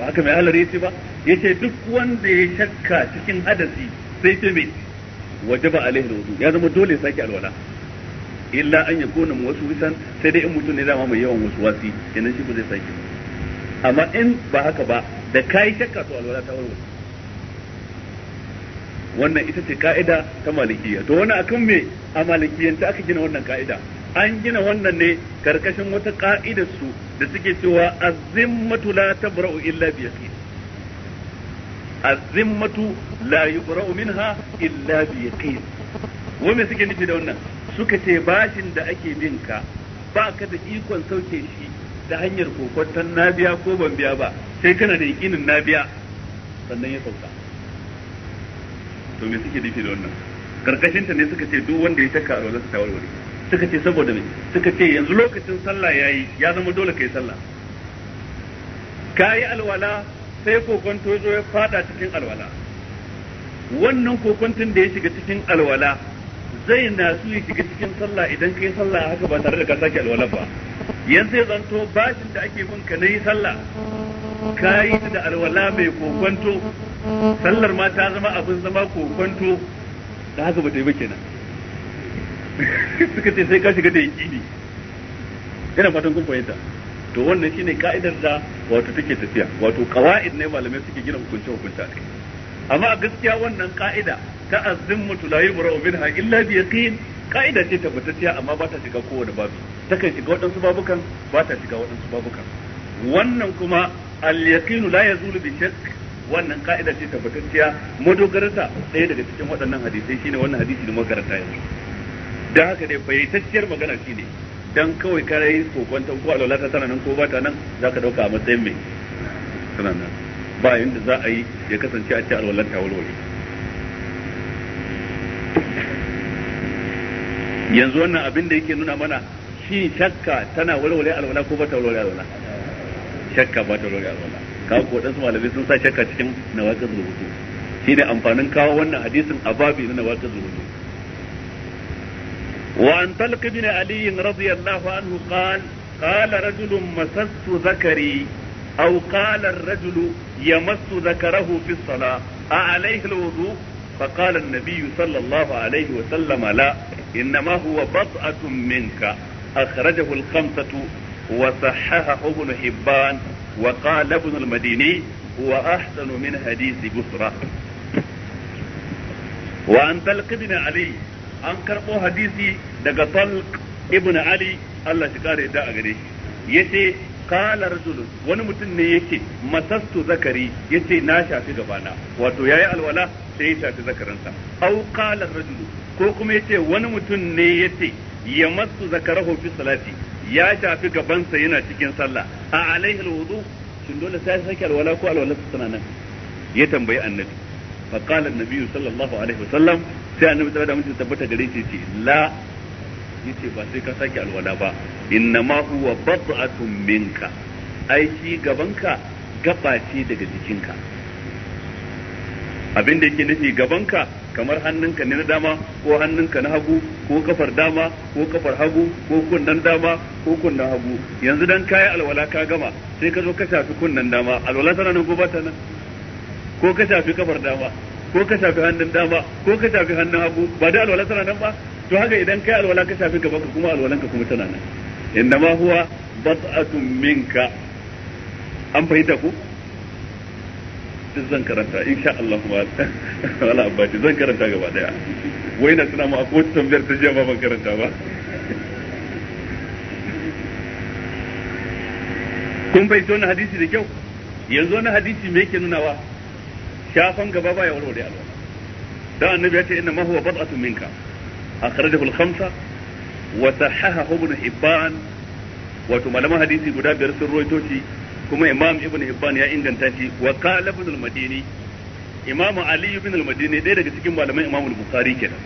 S1: ba haka mai ahlari yace ba yace duk wanda ya shakka cikin hadasi sai ce mai wajaba alaihi alwudu ya zama dole ki alwala illa an yakuna muwaswisan sai dai in mutum ne dama mai yawan waswasi kenan shi ba zai sake ba amma in ba haka ba da kayi shakka to alwala ta warware wannan ita ce ka'ida ta malikiya to wani akan me a malikiyanta aka gina wannan ka'ida an gina wannan ne karkashin wata ka'idar su da suke cewa azimmatu la tabra'u illa bi yaqin azimmatu la yubra'u minha illa bi yaqin wanda suke nufi da wannan suka ce bashin da ake bin ka ba ka da ikon sauke shi ta hanyar kokwanton nabiya ko ban biya ba sai kana da yakinin nabiya sannan ya sauka to me suke nufi da wannan karkashin ta ne suka ce duk wanda ya taka alwala ta warware suka ce saboda me suka ce yanzu lokacin sallah yayi ya zama dole kai sallah kayi alwala sai kokonto zo ya fada cikin alwala wannan kokonton da ya shiga cikin alwala zai na su shiga cikin sallah idan kai sallah haka ba tare da ka sake alwala ba yanzu ya zanto bashin da ake bin ka nayi sallah ka yi da alwala mai kokwanto sallar ma ta zama abin zama kokwanto da haka ba ta yi ba kenan [laughs] suka ce sai ka shiga da yaƙini yana fatan kun fahimta to wannan shine ka'idar da wato take tafiya wato qawaid ne malamai suke gina hukunce hukunta kai amma a gaskiya wannan ka'ida ta azzimmatu la yubra'u minha illa bi yaqin ka'ida ce tabbatacciya amma ba ta shiga kowane babu ta kan shiga waɗansu babukan ba ta shiga waɗansu babukan wannan kuma al-yaqinu la yazulu bi shakk wannan ka'ida ce tabbatacciya madogarta ɗaya daga cikin waɗannan hadisai shine wannan hadisi da makaranta yanzu dan haka dai fayyatacciyar magana shine dan kawai ka yi kokwanton ko alwala ta tana nan ko ba ta nan zaka dauka a matsayin mai tana ba yanda za a yi ya kasance a ce alwala ta walwale yanzu wannan abin da yake nuna mana shi shakka tana walwale alwala ko ba ta walwale alwala shakka ba ta walwale alwala kawo ko dan malamai sun sa shakka cikin nawaqid rubutu ne amfanin kawo wannan hadisin a babi na nawaqid rubutu ali طلق anhu qala qala الله عنه zakari aw qala ar ذكري yamassu zakarahu fi يمس salah a alayhi al-wudu' فقال النبي صلى الله عليه وسلم لا إنما هو بضعة منك أخرجه الخمسة وصححه ابن حبان وقال ابن المديني هو أحسن من حديث بصرة وعن طلق بن علي an karɓo hadisi daga falk ibn ali Allah shi kare da a gare shi yace kala rajulun wani mutum ne yake masastu zakari yace na shafi gabana wato yayi alwala da ya shafi zakaransa au qala rajul ko kuma yace wani mutum ne yace ya masu zakarahu fi salati ya shafi gabansa yana cikin sallah a alaihi alwudu shin dole sai ya sake alwala ko alwala tana nan ya tambayi annabi fa qala annabi sallallahu alaihi wasallam sai annabi sallallahu alaihi mutum tabbata gare shi ce la yace ba sai ka sake alwala ba innama huwa bad'atun minka aiki shi gabanka gaba ce daga jikinka abin da yake nufi gabanka kamar hannunka ne na dama ko hannunka na hagu ko kafar dama ko kafar hagu ko kunnan dama ko kunnan hagu yanzu dan kayi alwala ka gama sai ka zo ka shafi kunnan dama alwala tana nan ko ba ta nan ko ka shafi kafar dama ko ka shafi hannun dama ko ka shafi hannun hagu ba da alwala tana nan ba to haka idan kai alwala ka shafi gabanka kuma alwalanka kuma tana nan ma huwa bat'atun minka an fahimta ko duk zan karanta insha Allah kuma wala abaci zan karanta gaba daya wai na tuna mu akwai wata tambayar ta jiya ba ban karanta ba kun bai wannan hadisi da kyau yanzu wani hadisi me yake nunawa shafan gaba ba ya warware alwa dan annabi ya ce inna ma huwa bad'atun minka akhrajahu al-khamsa wa sahahahu ibn hibban wato malaman hadisi guda biyar sun ruwaito shi kuma imam ibn hibban ya inganta shi wa qala ibn al-madini imam ali ibn al-madini ɗaya daga cikin malaman imam al-bukhari kenan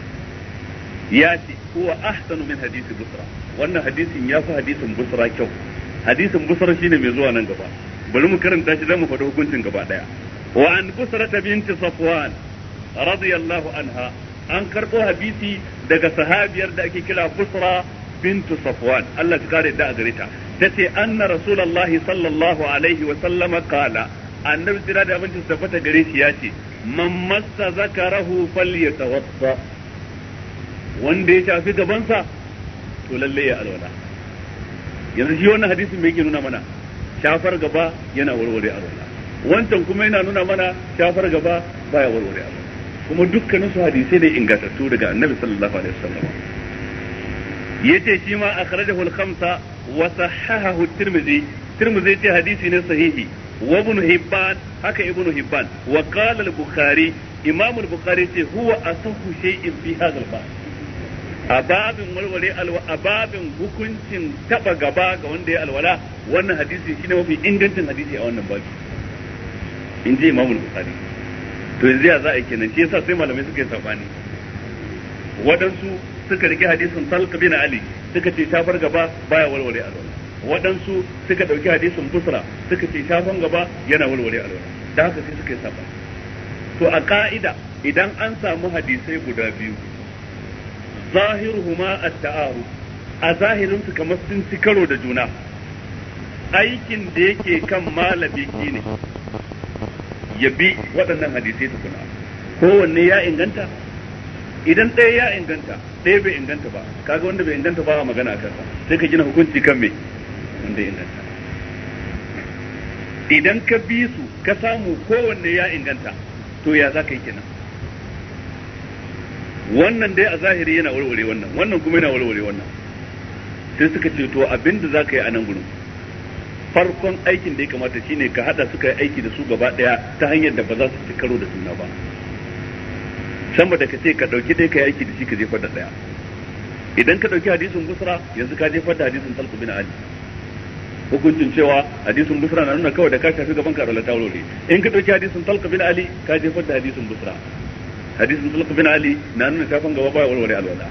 S1: ya ce huwa ahsanu min hadisi busra wannan hadisin ya fi hadisin busra kyau hadisin busra shine mai zuwa nan gaba bari mu karanta shi mu faɗi hukuncin gaba daya wa an busra binti safwan radiyallahu anha an karɓo hadisi daga sahabiyar da ake kira busra bintu safwan Allah ta kare da a gare ta tace anna rasulullahi sallallahu alaihi wa sallama kala annabi jira da abincin tabbata gare shi ya ce man massa zakarahu falyatawassa wanda ya shafi gabansa to lalle ya alwala yanzu shi wannan hadisin mai yake nuna mana shafar gaba yana warware alwala wancan kuma yana nuna mana shafar gaba baya warware alwala kuma dukkanin su hadisai ne ingantattu daga annabi sallallahu alaihi wasallam yace shi ma akhrajahu al-khamsa wa sahahahu at-tirmidhi tirmidhi yace hadisi ne sahihi wa ibn hibban haka ibn hibban wa qala al-bukhari imam al-bukhari yace huwa asahu shay'in fi hadha al-bab ababin walwale ababin hukuncin taba gaba ga wanda ya alwala wannan hadisi shi ne mafi ingancin hadisi a wannan babu in ji imam al-bukhari to yanzu ya za a kenan shi yasa sai malamai suka yi sabani waɗansu suka rike hadisin talq bin ali suka ce shafar gaba baya walwale alwala waɗansu suka ɗauki hadisin busra suka ce shafan gaba yana walwale alwala da haka sai suka yi saba to a ka'ida idan an samu hadisai guda biyu zahiruhuma at-ta'aru a zahirin su kamar sun ci karo da juna aikin da yake kan malami ne ya bi waɗannan hadisai tukuna kowanne ya inganta idan ɗaya ya inganta ɗaya bai inganta ba kaga wanda bai inganta ba a magana a kansa sai ka gina hukunci kan mai wanda ya inganta idan ka bi su ka samu kowanne ya inganta to ya za ka yi kenan wannan dai a zahiri yana warware wannan wannan kuma yana warware wannan sai suka ce to abin da za ka yi a nan gurin farkon aikin da ya kamata shine ka hada suka yi aiki da su gaba daya ta hanyar da ba za su ci karo da suna ba sama da ka ce ka dauki dai ka yaki da shi ka jefar da daya idan ka dauki hadisin busra yanzu ka jefar da hadisin talq bin ali hukuncin cewa hadisin busra na nuna kawai da ka shafi gaban ka da taurori in ka dauki hadisin talq bin ali ka jefar da hadisin busra hadisin talq bin ali na nuna shafan gaba baya walwale alwala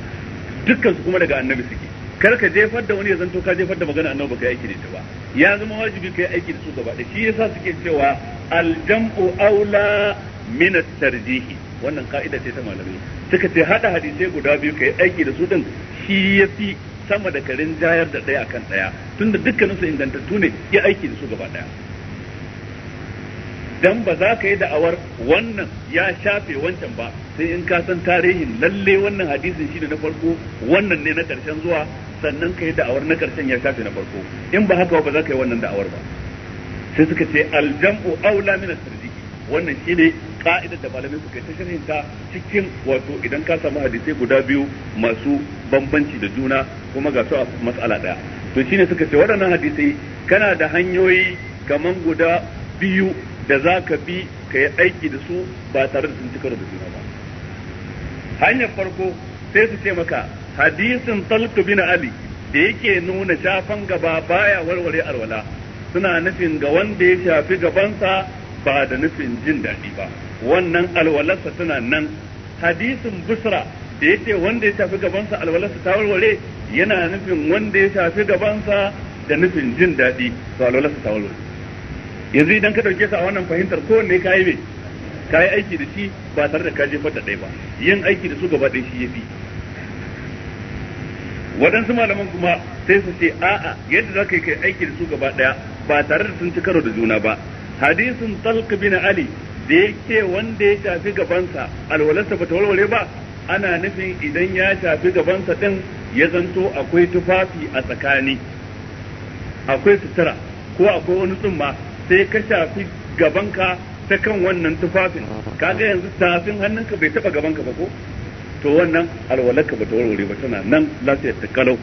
S1: dukkan su kuma daga annabi suke kar ka jefar da wani ya zanto ka jefar da magana annabi ka aiki da ita ba ya zama wajibi yi aiki da su gaba da shi yasa suke cewa aljam'u aula min at-tarjihi wannan ka'ida ce ta malamai suka ce hada hadisai guda biyu kai aiki da su din shi ya fi sama da karin jayar da daya akan ɗaya tunda dukkanin su ingantattu ne ya aiki da su gaba daya. dan ba za ka yi da'awar wannan ya shafe wancan ba sai in ka san tarihin lalle wannan hadisin shi na farko wannan ne na karshen zuwa sannan ka yi da'awar na karshen ya shafe na farko in ba haka ba za ka yi wannan da'awar ba sai suka ce aljam'u aula min at wannan shine ka'idar da malamin suka ta sharhin cikin wato idan ka samu hadisai guda biyu masu bambanci da juna kuma ga su a daya to shine suka ce waɗannan hadisai kana da hanyoyi kaman guda biyu da za ka bi ka yi aiki da su ba tare da sun ci da juna ba hanyar farko sai su ce maka hadisin talq bin ali da yake nuna shafan gaba baya warware alwala suna nufin ga wanda ya shafi gabansa ba da nufin jin daɗi ba wannan alwalarsa tana nan hadisin busra da ce wanda ya shafi gabansa alwalarsa ta warware yana nufin wanda ya shafi gabansa da nufin jin daɗi to alwalarsa ta warware yanzu idan ka ɗauke sa a wannan fahimtar kowanne ka yi mai ka yi aiki da shi ba tare da ka jefar da ɗaya ba yin aiki da su gaba ɗaya shi ya fi waɗansu malaman kuma sai su ce a'a yadda za ka yi aiki da su gaba ɗaya ba tare da sun ci karo da juna ba hadisin talq bin ali da yake wanda ya shafi gabansa alwalarsa bata warware ba ana nufin idan ya shafi gabansa din ya zanto akwai tufafi a tsakani akwai sutura ko akwai wani tsumma sai ka shafi gabanka ta kan wannan tufafin kaga yanzu tafin hannunka bai taba gabanka ba ko to wannan alwalarka bata warware ba tana nan lafiyar ta kalau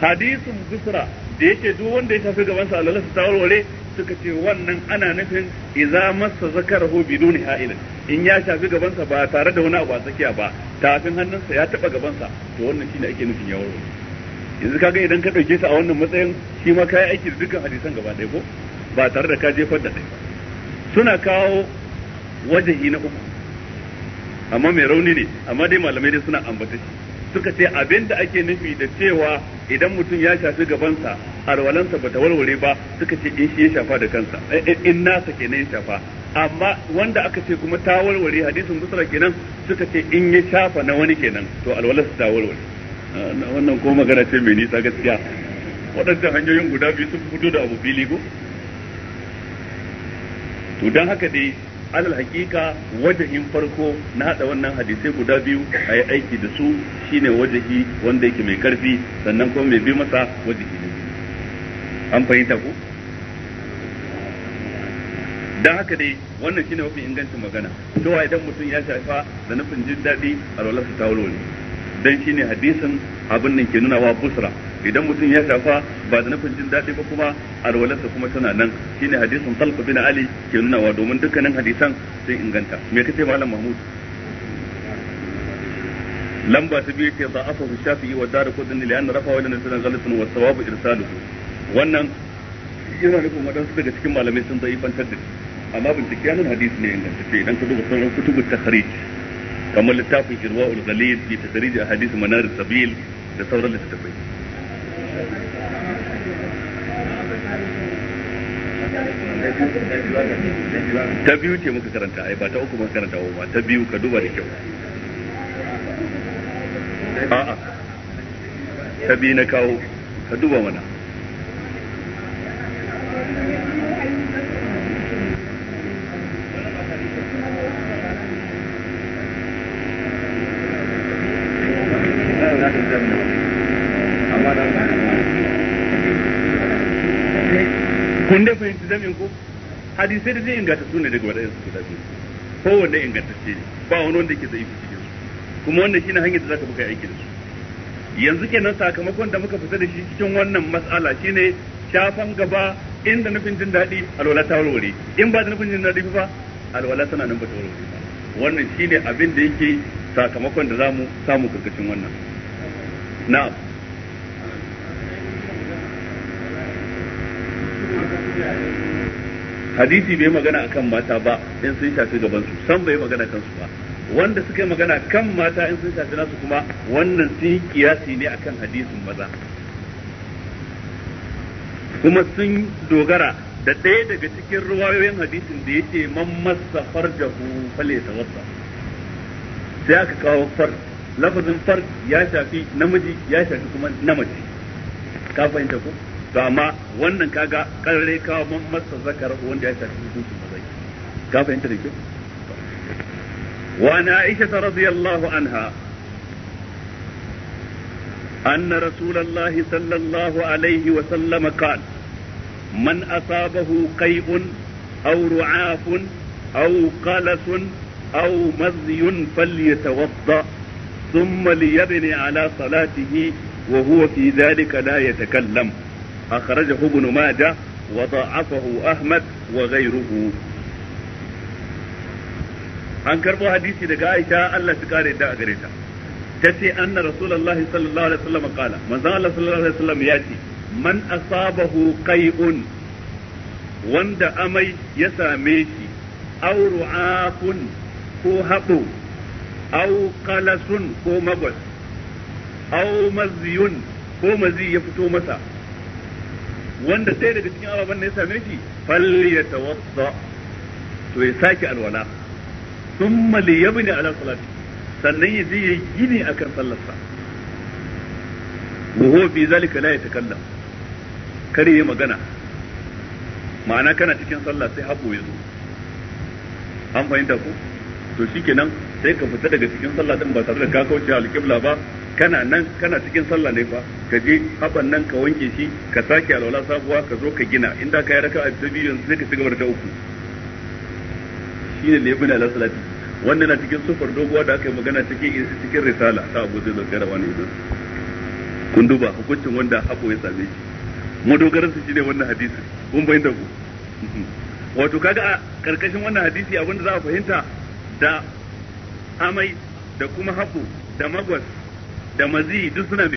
S1: hadisin busra da yake duk wanda ya shafi gabansa alwala ta warware suka ce wannan ana nufin idza zakar hu biduni ha'ilin in ya tafi gabansa ba tare da wani abu a tsakiya ba tafin hannunsa ya taba gabansa to wannan shine ake nufin ya warware yanzu kaga idan ka dauke sa a wannan matsayin shi ma kai aiki da dukkan hadisan gaba ɗaya ko ba tare da ka jefar da ɗaya suna kawo wajahi na uku amma mai rauni ne amma dai malamai dai suna ambata shi suka ce abin da ake nufi da cewa idan mutum ya shafi gabansa alwalansa ba ta warware ba suka ce in shi ya shafa da kansa eh, eh, in nasa kenan ya shafa amma wanda aka ce kuma ta warware hadisin busra kenan suka ce in ya shafa na wani kenan to alwalansa ta warware ah, wannan ko magana ce mai nisa gaskiya waɗannan hanyoyin guda biyu sun fito da abu fili ko to don haka dai alal hakika wajahin farko na hada wannan hadisai guda biyu a yi aiki da su shine wajahi wanda yake mai karfi sannan kuma mai bi masa wajahi ne an fahimta ku dan haka dai wannan shine mafi ingancin magana cewa idan mutum ya shafa da nufin jin daɗi alwalarsa ta wulwale dan shine hadisin abin nan ke nuna wa busra idan mutum ya shafa ba da nufin jin daɗi ba kuma arwalarsa kuma tana nan shine hadisin talq bin ali ke nuna wa domin dukkanin hadisan sun inganta me kace malam mahmud lamba ta biyu ke za a shafi shafi'i wa dara kudin liyan rafa wa lana sunan galisun wa sawabu irsaluhu wannan yana nufin waɗansu daga cikin malamai sun zai fantar da amma bincike ya nuna hadisi ne ingantacce idan ka duba sauran kutubu takhrij kamar littafin irwaul ghalid fi tadrij ahadith manar sabil da sauran littattafai ta biyu ce muka karanta ai ba ta uku muka karanta ba ta biyu ka duba da kyau a'a ta biyu na kawo ka duba mana jami'in ko hadisai da zai inganta su ne daga waɗansu guda biyu kowanne inganta ne ba wani wanda ke zai cikin su kuma wannan shine hanyar da zaka buka aiki da su yanzu kenan sakamakon da muka fita da shi cikin wannan mas'ala shine shafan gaba inda nufin jin daɗi alwala ta warware in ba da nufin jin daɗi ba alwala tana nan ba ta warware wannan shine abin da yake sakamakon da zamu samu karkashin wannan na'am hadisi bai magana akan mata ba in sun shafi gaban su san bai magana kan su ba wanda suka yi magana kan mata in sun shafi nasu kuma wannan sun yi kiyasi ne akan hadisin maza kuma sun dogara da ɗaya daga cikin ruwayoyin hadisin da ya ce man masa farjahu fale ta wasa sai aka kawo far lafazin far ya shafi namiji ya shafi kuma namiji ka fahimta ko to amma wannan kaga karare kawo man masa zakar wanda ya shafi hukuncin mazai ka fahimta da kyau wa na aisha ta radiyallahu anha أن رسول الله صلى الله عليه وسلم قال من أصابه قيء أو رعاف أو قلس أو مزي فليتوضأ ثم ala على وهو في ذلك لا يتكلم akhrajahu ibn majah da da'afahu ahmad wa ghayruhu an karbo hadisi daga aisha Allah su kare da gare ta tace anna rasulullahi sallallahu alaihi wasallam qala manzon Allah sallallahu alaihi wasallam ya ce man asabahu qai'un wanda amai ya same shi aw ru'afun ko haɓo aw qalasun ko magwas aw mazyun ko mazi ya fito masa wanda sai daga cikin ababen ne ya same shi falyatawadda to ya sake alwala thumma liyabni ala salati sannan ya je ya gini akan sallarsa wa huwa fi zalika la yatakallam Kar ya magana ma'ana kana cikin sallah sai haɓo ya zo an fahimta ko to shikenan sai ka fita daga cikin sallah din ba tare da ka kauce alƙibla ba kana nan kana cikin sallah ne fa ka je haban nan ka wanke shi ka sake alwala sabuwa ka zo ka gina inda ka yi raka'a ta biyu yanzu sai ka cigaba da ta uku shine ne ibn al-salati wannan na cikin sufar doguwa da aka yi magana cikin cikin risala ta Abu Zaid da rawani idan kun duba hukuncin wanda hako ya same shi dogaran su shine wannan hadisi kun bayyana ku wato kaga a karkashin wannan hadisi abinda za a fahimta da amai da kuma haku da magwas da mazi duk suna